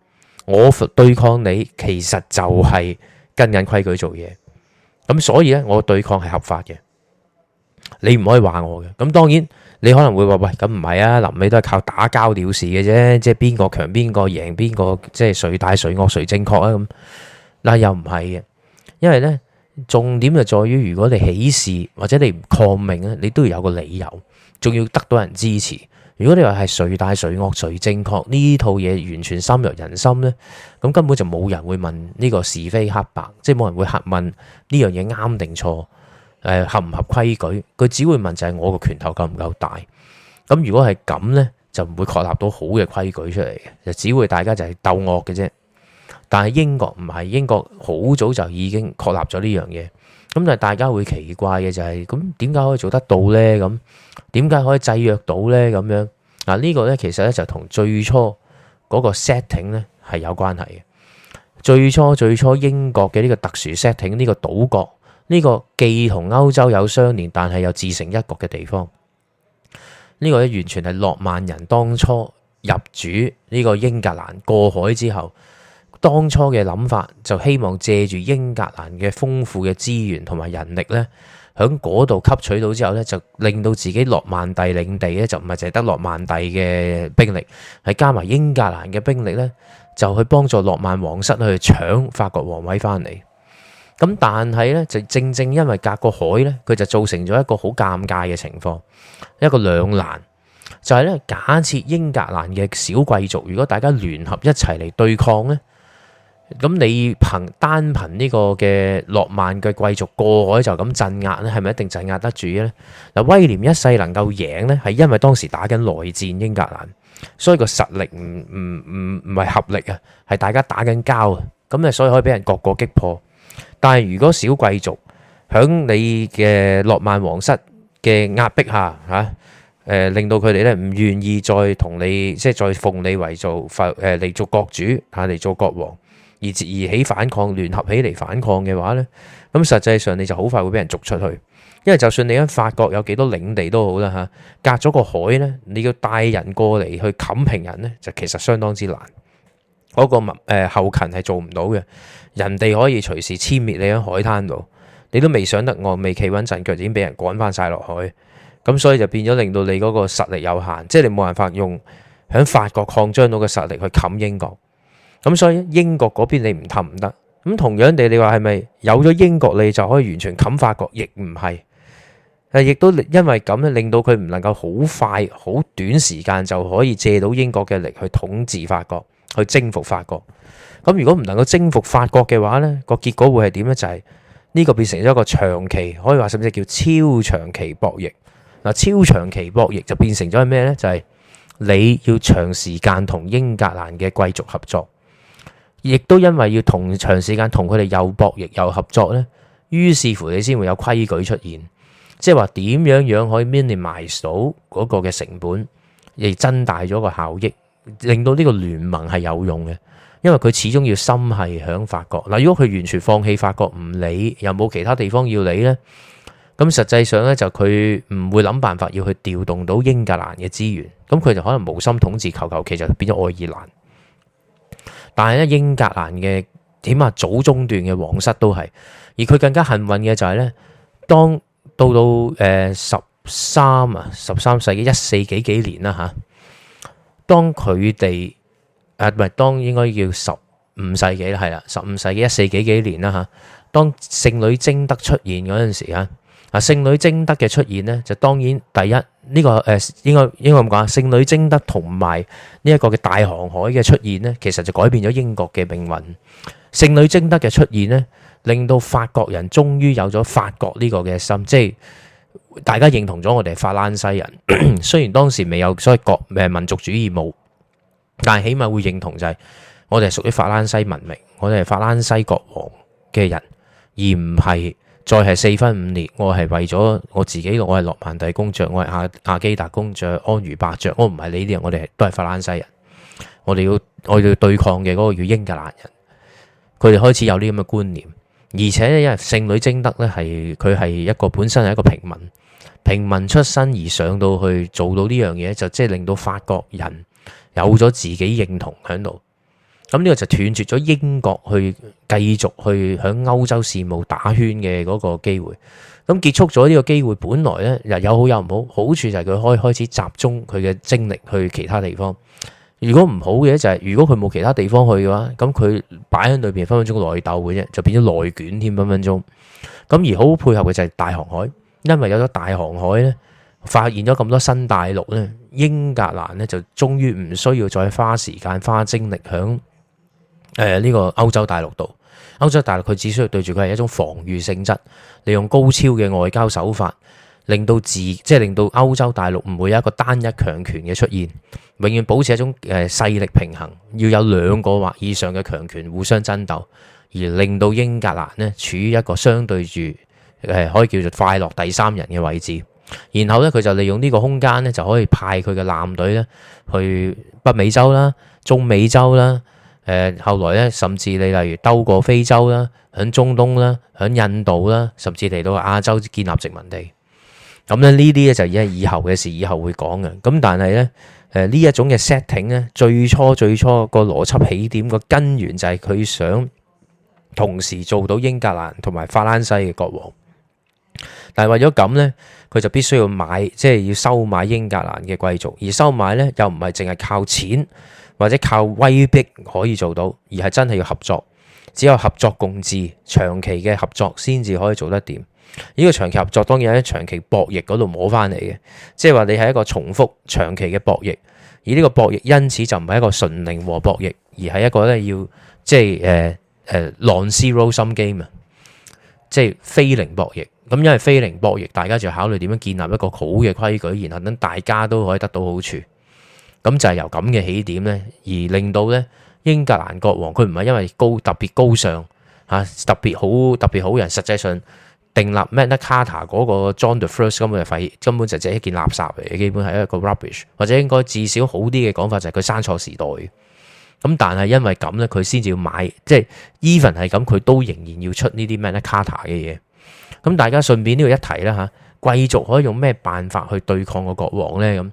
我對抗你，其實就係跟緊規矩做嘢。咁所以呢，我對抗係合法嘅，你唔可以話我嘅。咁當然你可能會話喂，咁唔係啊，臨尾都係靠打交了事嘅啫，即係邊個強邊個贏邊個，即係誰大誰惡誰，誰正確啊咁。嗱又唔係嘅，因為呢。重點就在於，如果你起事或者你唔抗命咧，你都要有個理由，仲要得到人支持。如果你話係誰大誰惡誰正確呢套嘢，完全深入人心咧，咁根本就冇人會問呢個是非黑白，即係冇人會核問呢樣嘢啱定錯，誒，合唔合規矩？佢只會問就係我個拳頭夠唔夠大。咁如果係咁呢，就唔會確立到好嘅規矩出嚟嘅，就只會大家就係鬥惡嘅啫。但係英國唔係，英國好早就已經確立咗呢樣嘢。咁但係大家會奇怪嘅就係，咁點解可以做得到呢？咁點解可以制約到呢？咁樣嗱，呢個呢，其實呢就同最初嗰個 setting 呢係有關係嘅。最初最初英國嘅呢個特殊 setting，呢個島國，呢個既同歐洲有相連，但係又自成一國嘅地方。呢個呢完全係諾曼人當初入主呢個英格蘭過海之後。當初嘅諗法就希望借住英格蘭嘅豐富嘅資源同埋人力，呢喺嗰度吸取到之後呢，就令到自己諾曼帝領地呢就唔係淨係得諾曼帝嘅兵力，係加埋英格蘭嘅兵力呢，就去幫助諾曼皇室去搶法國王位翻嚟。咁但係呢，就正正因為隔個海呢，佢就造成咗一個好尷尬嘅情況，一個兩難就係、是、呢假設英格蘭嘅小貴族，如果大家聯合一齊嚟對抗呢？咁你憑單憑呢個嘅諾曼嘅貴族過海就咁鎮壓咧，係咪一定鎮壓得住咧？嗱，威廉一世能夠贏咧，係因為當時打緊內戰英格蘭，所以個實力唔唔唔唔係合力啊，係大家打緊交啊，咁咧所以可以俾人各個擊破。但係如果小貴族響你嘅諾曼皇室嘅壓迫下嚇，誒令到佢哋咧唔願意再同你即係再奉你為做佛誒嚟做國主嚇嚟做國王。而而起反抗，聯合起嚟反抗嘅話呢，咁實際上你就好快會俾人逐出去，因為就算你喺法國有幾多領地都好啦嚇，隔咗個海呢，你要帶人過嚟去冚平人呢，就其實相當之難，嗰、嗰個後勤係做唔到嘅，人哋可以隨時殲滅你喺海灘度，你都未上得岸，未企穩陣腳，已經俾人趕翻晒落海。咁所以就變咗令到你嗰個實力有限，即、就、係、是、你冇辦法用喺法國擴張到嘅實力去冚英國。咁所以英國嗰邊你唔氹唔得，咁同樣地你話係咪有咗英國你就可以完全冚法國？亦唔係，係亦都因為咁咧，令到佢唔能夠好快、好短時間就可以借到英國嘅力去統治法國、去征服法國。咁如果唔能夠征服法國嘅話呢，呢個結果會係點呢？就係呢個變成咗一個長期，可以話甚至叫超長期博弈。嗱，超長期博弈就變成咗係咩呢？就係你要長時間同英格蘭嘅貴族合作。亦都因為要同長時間同佢哋又博弈又合作呢，於是乎你先會有規矩出現，即係話點樣樣可以 minimise 到嗰個嘅成本，亦增大咗個效益，令到呢個聯盟係有用嘅。因為佢始終要心係響法國嗱，如果佢完全放棄法國唔理，又冇其他地方要理呢，咁實際上呢，就佢唔會諗辦法要去調動到英格蘭嘅資源，咁佢就可能無心統治，求求其就變咗愛爾蘭。但係咧，英格蘭嘅起碼，早中段嘅皇室都係，而佢更加幸運嘅就係、是、咧，當到到誒十三啊，十三世紀一四幾幾年啦嚇，當佢哋誒唔係當，應該要十五世紀啦，係啦，十五世紀一四幾幾年啦嚇，當聖女貞德出現嗰陣時啊。聖女貞德嘅出現呢，就當然第一，呢個，應該咁講，聖女貞德同埋，呢一個嘅大航海嘅出現呢，其實就改變咗英國嘅命運。再係四分五裂，我係為咗我自己，我係諾曼底公爵，我係亞亞基達公爵，安茹伯爵，我唔係呢啲人，我哋係都係法蘭西人，我哋要我哋對抗嘅嗰個叫英格蘭人，佢哋開始有啲咁嘅觀念，而且咧因為聖女貞德呢，係佢係一個本身係一個平民，平民出身而上到去做到呢樣嘢，就即係令到法國人有咗自己認同響度。咁呢個就斷絕咗英國去繼續去喺歐洲事務打圈嘅嗰個機會。咁結束咗呢個機會，本來呢又有好有唔好。好處就係佢可以開始集中佢嘅精力去其他地方。如果唔好嘅就係，如果佢冇其他地方去嘅話，咁佢擺喺裏邊分分鐘內鬥嘅啫，就變咗內卷添分分鐘。咁而好配合嘅就係大航海，因為有咗大航海呢，發現咗咁多新大陸呢，英格蘭呢，就終於唔需要再花時間花精力響。誒，呢個歐洲大陸度，歐洲大陸佢只需要對住佢係一種防禦性質，利用高超嘅外交手法，令到自即係令到歐洲大陸唔會有一個單一強權嘅出現，永遠保持一種誒勢力平衡，要有兩個或以上嘅強權互相爭鬥，而令到英格蘭呢處於一個相對住誒可以叫做快樂第三人嘅位置，然後呢，佢就利用呢個空間呢，就可以派佢嘅艦隊呢去北美洲啦、中美洲啦。誒，後來咧，甚至你例如兜過非洲啦，響中東啦，響印度啦，甚至嚟到亞洲建立殖民地，咁咧呢啲咧就已係以後嘅事，以後會講嘅。咁但係咧，誒呢一種嘅 setting 咧，最初最初個邏輯起點個根源就係佢想同時做到英格蘭同埋法蘭西嘅國王，但係為咗咁咧，佢就必須要買，即係要收買英格蘭嘅貴族，而收買咧又唔係淨係靠錢。或者靠威逼可以做到，而係真係要合作。只有合作共治，長期嘅合作先至可以做得掂。呢個長期合作當然喺長期博弈嗰度摸翻嚟嘅，即係話你係一個重複長期嘅博弈，而呢個博弈因此就唔係一個純零和博弈，而係一個咧要即係誒誒 non-zero sum game 啊，即係、uh, uh, 非零博弈。咁因為非零博弈，大家就要考慮點樣建立一個好嘅規矩，然後等大家都可以得到好處。咁就係由咁嘅起點咧，而令到咧英格蘭國王佢唔係因為高特別高尚嚇、啊、特別好特別好人，實際上訂立《Magna Carta》嗰個 John the First 根本就廢，根本就係一件垃圾嚟，嘅，基本係一個 rubbish，或者應該至少好啲嘅講法就係佢生錯時代。咁、啊、但係因為咁咧，佢先至要買，即係 Even 係咁，佢都仍然要出呢啲《Magna Carta、啊》嘅嘢。咁大家順便呢度一提啦嚇、啊，貴族可以用咩辦法去對抗個國王咧？咁、啊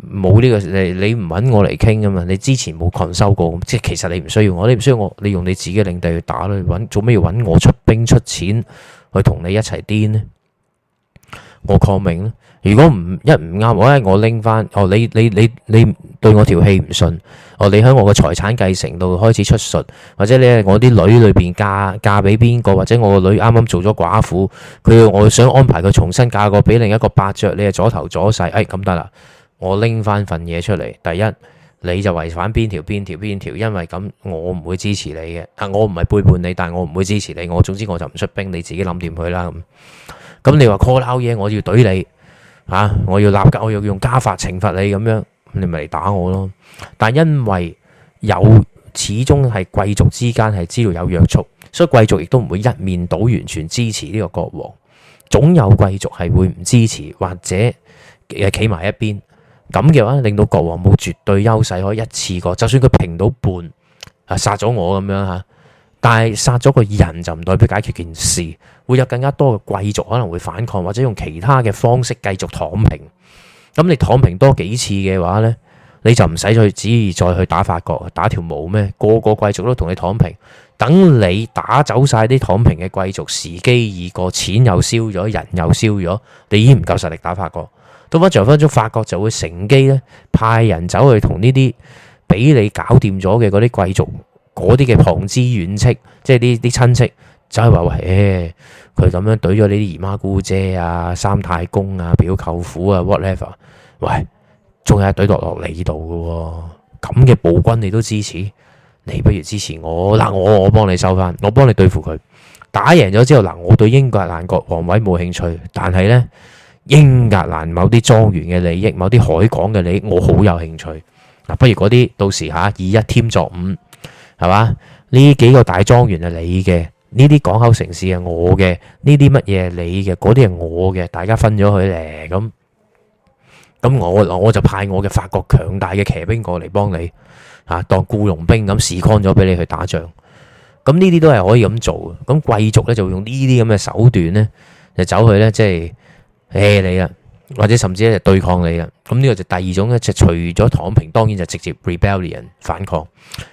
冇呢個你，你唔揾我嚟傾噶嘛？你之前冇 consult 過，即係其實你唔需要我，你唔需要我，你用你自己嘅領地去打你揾做咩要揾我出兵出錢去同你一齊癲呢？我抗命咧。如果唔一唔啱，我我拎翻哦，你你你，你對我條氣唔順哦，你喺我嘅財產繼承度開始出術，或者你係我啲女裏邊嫁嫁俾邊個，或者我個女啱啱做咗寡婦，佢我想安排佢重新嫁過俾另一個伯爵，你係阻頭阻勢，咁得啦。我拎翻份嘢出嚟，第一你就違反邊條邊條邊條，因為咁我唔會支持你嘅。但、啊、我唔係背叛你，但係我唔會支持你。我總之我就唔出兵，你自己諗掂佢啦。咁咁你話 call 嘢，我要懟你嚇，我要立格，我要用家法懲罰你咁樣，你咪嚟打我咯。但因為有始終係貴族之間係知道有約束，所以貴族亦都唔會一面倒，完全支持呢個國王，總有貴族係會唔支持或者企埋一邊。咁嘅話，令到國王冇絕對優勢可以一次過，就算佢平到半，啊殺咗我咁樣吓，但係殺咗個人就唔代表解決件事，會有更加多嘅貴族可能會反抗，或者用其他嘅方式繼續躺平。咁你躺平多幾次嘅話呢，你就唔使再旨意再去打法國，打條毛咩？個個貴族都同你躺平，等你打走晒啲躺平嘅貴族，時機已過，錢又燒咗，人又燒咗，你已經唔夠實力打法國。都翻轉分咗，法國就會乘機咧，派人走去同呢啲俾你搞掂咗嘅嗰啲貴族，嗰啲嘅旁枝遠戚，即係呢啲親戚走去話喂，佢咁樣懟咗你啲姨媽姑姐啊、三太公啊、表舅父啊，whatever，喂，仲有一隊落落你度嘅喎，咁嘅暴君你都支持？你不如支持我，嗱，我我幫你收翻，我幫你對付佢。打贏咗之後，嗱，我對英格蘭國王位冇興趣，但係咧。英格蘭某啲莊園嘅利益，某啲海港嘅利益，我好有興趣。嗱，不如嗰啲到時吓、啊、二一添作五，係嘛？呢幾個大莊園係你嘅，呢啲港口城市係我嘅，呢啲乜嘢係你嘅，嗰啲係我嘅，大家分咗佢咧咁。咁我我就派我嘅法國強大嘅騎兵過嚟幫你吓、啊，當僱傭兵咁試幹咗俾你去打仗。咁呢啲都係可以咁做。咁貴族咧就用呢啲咁嘅手段咧，就走去咧即係。hea 你啦，或者甚至咧就對抗你啦。咁呢個就第二種咧，就除咗躺平，當然就直接 rebellion 反抗。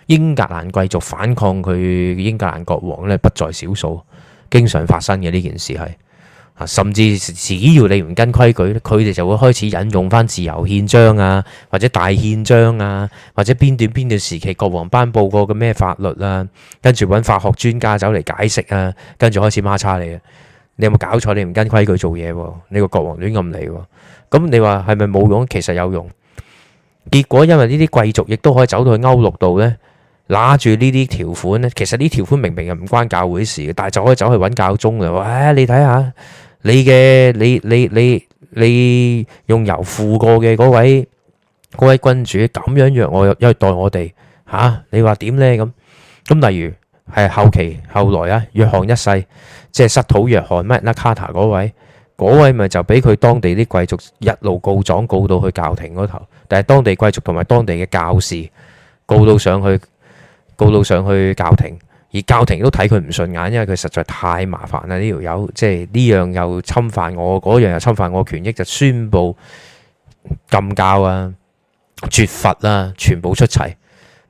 英格蘭貴族反抗佢英格蘭國王呢，不在少數，經常發生嘅呢件事係啊。甚至只要你唔跟規矩，佢哋就會開始引用翻自由憲章啊，或者大憲章啊，或者邊段邊段時期國王頒佈過嘅咩法律啊。跟住揾法學專家走嚟解釋啊，跟住開始孖叉你啊！你有冇搞錯？你唔跟規矩做嘢喎，你個國王亂咁嚟喎。咁你話係咪冇用？其實有用。結果因為呢啲貴族亦都可以走到去歐陸度咧，拿住呢啲條款咧。其實呢條款明明係唔關教會事嘅，但係就可以走去揾教宗嘅。喂，你睇下你嘅你你你你用油傅過嘅嗰位嗰位君主咁樣約我，又又待我哋吓？你話點咧？咁咁例如。係後期後來啊，約翰一世，即係失土約翰咩？阿卡塔嗰位，嗰位咪就俾佢當地啲貴族一路告狀，告到去教廷嗰頭。但係當地貴族同埋當地嘅教士告到上去，告到上去教廷，而教廷都睇佢唔順眼，因為佢實在太麻煩啦。呢條友即係呢樣又侵犯我，嗰樣又侵犯我權益，就宣布禁教啊、絕罰啦、啊，全部出齊，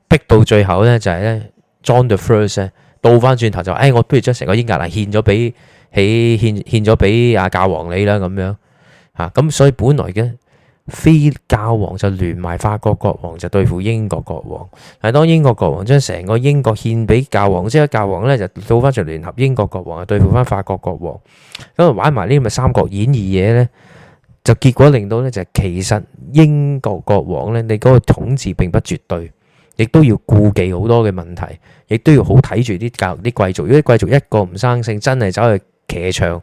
逼到最後呢就係、是、呢。John the First 咧倒翻轉頭就誒，我不如將成個英格蘭獻咗俾起獻獻咗俾啊教王你啦，咁樣嚇，咁所以本來嘅非教王就聯埋法國國王就對付英國國王。係當英國國王將成個英國獻俾教王之後，教王咧就倒翻著聯合英國國王對付翻法國國王，咁玩埋呢咪三國演義嘢咧，就結果令到咧就其實英國國王咧，你嗰個統治並不絕對。亦都要顧忌好多嘅問題，亦都要好睇住啲教啲貴族。如果啲貴族一個唔生性，真係走去騎牆、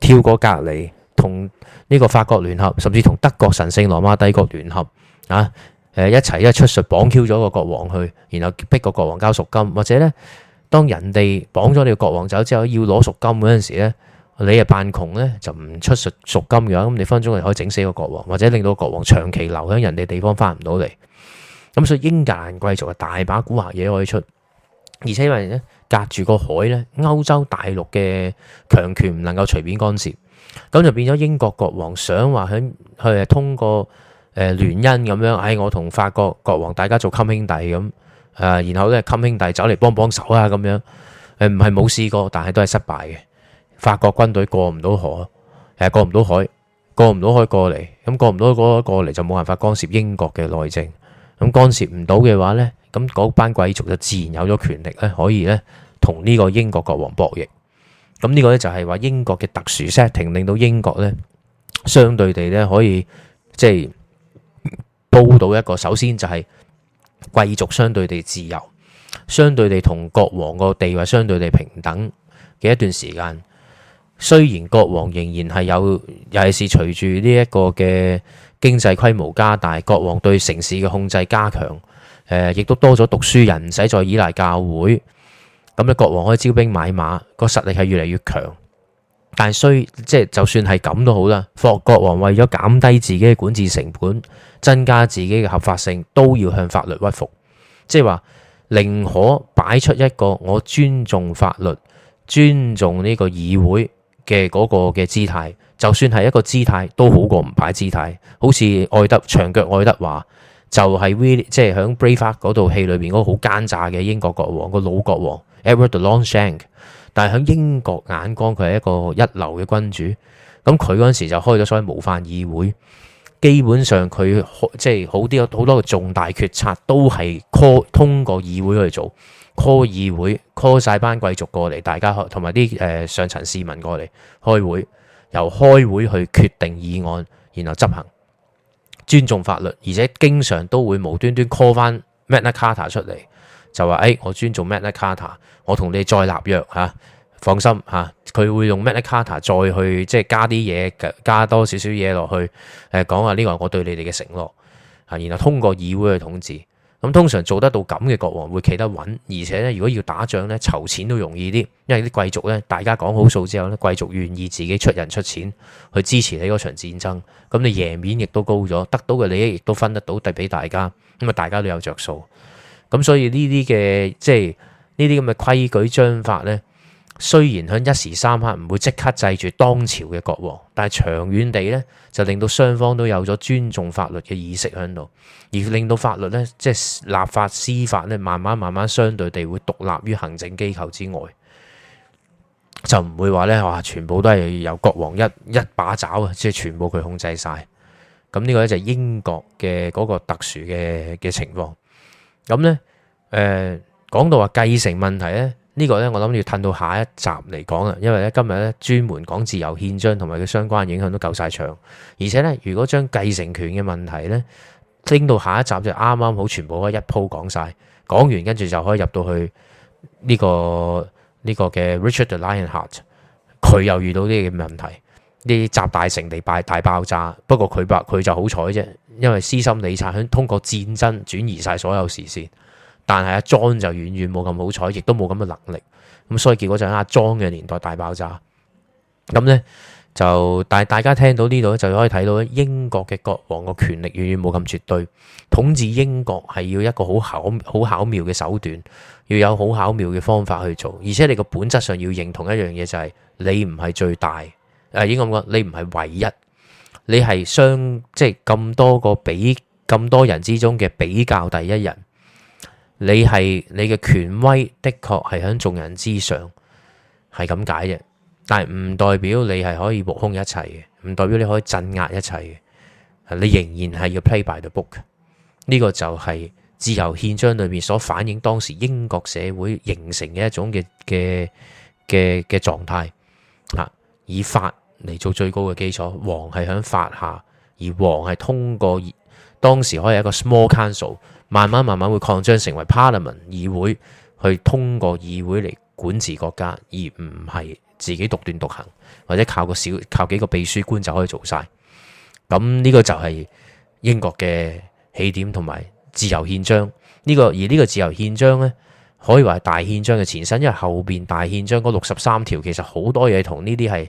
跳過隔離，同呢個法國聯合，甚至同德國神聖羅馬帝國聯合啊！一齊一出術綁 Q 咗個國王去，然後逼個國王交贖金，或者呢，當人哋綁咗你個國王走之後，要攞贖金嗰陣時咧，你又扮窮呢，就唔出術贖金嘅，咁你分分鐘可以整死個國王，或者令到個國王長期留喺人哋地方，翻唔到嚟。咁所以，英格蘭貴族啊，大把古惑嘢可以出，而且因為咧隔住個海咧，歐洲大陸嘅強權唔能夠隨便干涉，咁就變咗英國國王想話喺佢係通過誒聯姻咁樣，唉，我同法國國王大家做襟兄弟咁啊，然後咧襟兄弟走嚟幫幫手啊，咁樣誒唔係冇試過，但係都係失敗嘅。法國軍隊過唔到河，誒過唔到海，過唔到海過嚟咁過唔到嗰個過嚟就冇辦法干涉英國嘅內政。咁干涉唔到嘅話呢，咁嗰班貴族就自然有咗權力咧，可以咧同呢個英國國王博弈。咁呢個咧就係話英國嘅特殊 setting 令到英國咧相對地咧可以即係煲到一個，首先就係貴族相對地自由，相對地同國王個地位相對地平等嘅一段時間。雖然國王仍然係有，尤其是隨住呢一個嘅。經濟規模加大，國王對城市嘅控制加強，亦都多咗讀書人，唔使再依賴教會。咁咧，國王可以招兵買馬，個實力係越嚟越強。但係雖即就算係咁都好啦，霍國王為咗減低自己嘅管治成本，增加自己嘅合法性，都要向法律屈服，即係話，寧可擺出一個我尊重法律、尊重呢個議會。嘅嗰個嘅姿態，就算係一個姿態都好過唔擺姿態。好似愛德長腳愛德華，就係、是、really 即係響 Braveheart 嗰套戲裏邊嗰個好奸詐嘅英國國王個老國王 Edward Longshank，但係響英國眼光佢係一個一流嘅君主。咁佢嗰陣時就開咗所謂模範議會，基本上佢即係好啲好多個重大決策都係 call 通過議會去做。Call 開議會，Call 晒班貴族過嚟，大家同埋啲誒上層市民過嚟開會，由開會去決定議案，然後執行，尊重法律，而且經常都會無端端 call 翻 Magna Carta 出嚟，就話，誒、哎、我尊重 Magna Carta，我同你再立約吓、啊，放心吓，佢、啊、會用 Magna Carta 再去即係加啲嘢，加多少少嘢落去，誒、啊、講啊呢、這個係我對你哋嘅承諾啊，然後通過議會去統治。咁通常做得到咁嘅國王會企得穩，而且咧如果要打仗咧，籌錢都容易啲，因為啲貴族咧，大家講好數之後咧，貴族願意自己出人出錢去支持你嗰場戰爭，咁你贏面亦都高咗，得到嘅利益亦都分得到遞俾大家，咁啊大家都有着數，咁所以呢啲嘅即係呢啲咁嘅規矩章法咧。雖然喺一時三刻唔會即刻制住當朝嘅國王，但係長遠地呢，就令到雙方都有咗尊重法律嘅意識喺度，而令到法律呢，即係立法司法呢，慢慢慢慢相對地會獨立於行政機構之外，就唔會話呢，話全部都係由國王一一把抓啊，即係全部佢控制晒。咁呢個呢，就係英國嘅嗰個特殊嘅嘅情況。咁呢，誒、呃、講到話繼承問題呢。呢個呢，我諗要褪到下一集嚟講啦，因為咧今日咧專門講自由憲章同埋佢相關影響都夠晒場，而且呢，如果將繼承權嘅問題呢，拎到下一集就啱啱好全部可以一鋪講晒。講完跟住就可以入到去呢、這個呢、這個嘅 Richard Lionheart，佢又遇到啲嘅問題，啲集大成地大爆炸，不過佢話佢就好彩啫，因為獅心理查響通過戰爭轉移晒所有視線。但係阿 John 就遠遠冇咁好彩，亦都冇咁嘅能力。咁所以結果就喺阿 John 嘅年代大爆炸。咁呢，就，但係大家聽到呢度就可以睇到英國嘅國王嘅權力遠遠冇咁絕對，統治英國係要一個好巧好巧妙嘅手段，要有好巧妙嘅方法去做。而且你個本質上要認同一樣嘢就係、是、你唔係最大，啊應該咁講，你唔係唯一，你係相，即係咁多個比咁多人之中嘅比較第一人。你係你嘅權威，的確係喺眾人之上，係咁解嘅。但係唔代表你係可以目空一切嘅，唔代表你可以鎮壓一切嘅。你仍然係要 play by the book。呢個就係自由憲章裏面所反映當時英國社會形成嘅一種嘅嘅嘅嘅狀態。啊，以法嚟做最高嘅基礎，王係喺法下，而王係通過當時可以一個 small council。慢慢慢慢會擴張成為 Parliament 議會，去通過議會嚟管治國家，而唔係自己獨斷獨行，或者靠個小靠幾個秘書官，就可以做晒。咁呢個就係英國嘅起點同埋自由憲章呢、呢個而呢個自由憲章呢，可以話係大憲章嘅前身，因為後邊大憲章嗰六十三條其實好多嘢同呢啲係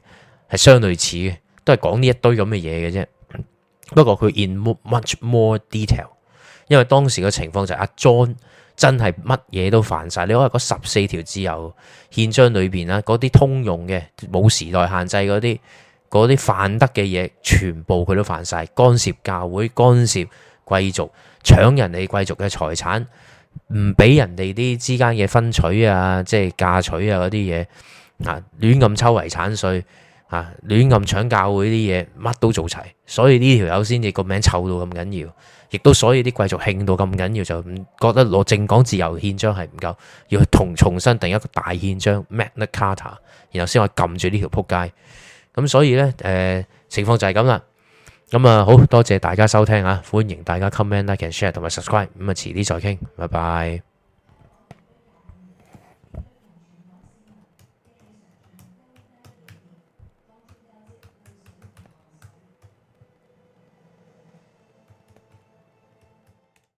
係相類似嘅，都係講呢一堆咁嘅嘢嘅啫。不過佢 in much more detail。因為當時嘅情況就係阿 John 真係乜嘢都犯晒，你可以講十四條自由憲章裏邊啦，嗰啲通用嘅冇時代限制嗰啲，嗰啲犯得嘅嘢，全部佢都犯晒，干涉教會、干涉貴族、搶人哋貴族嘅財產，唔俾人哋啲之間嘅分取啊，即係嫁娶啊嗰啲嘢啊，亂咁抽遺產稅啊，亂咁搶教會啲嘢，乜都做齊，所以呢條友先至個名臭到咁緊要。亦都所以啲貴族興到咁緊要，就唔覺得攞政港自由憲章係唔夠，要去同重新定一個大憲章 Magna Carta，然後先可以撳住呢條撲街。咁所以呢，誒、呃、情況就係咁啦。咁啊，好多謝大家收聽啊，歡迎大家 comment、 like、share 同埋 subscribe。咁啊，遲啲再傾，拜拜。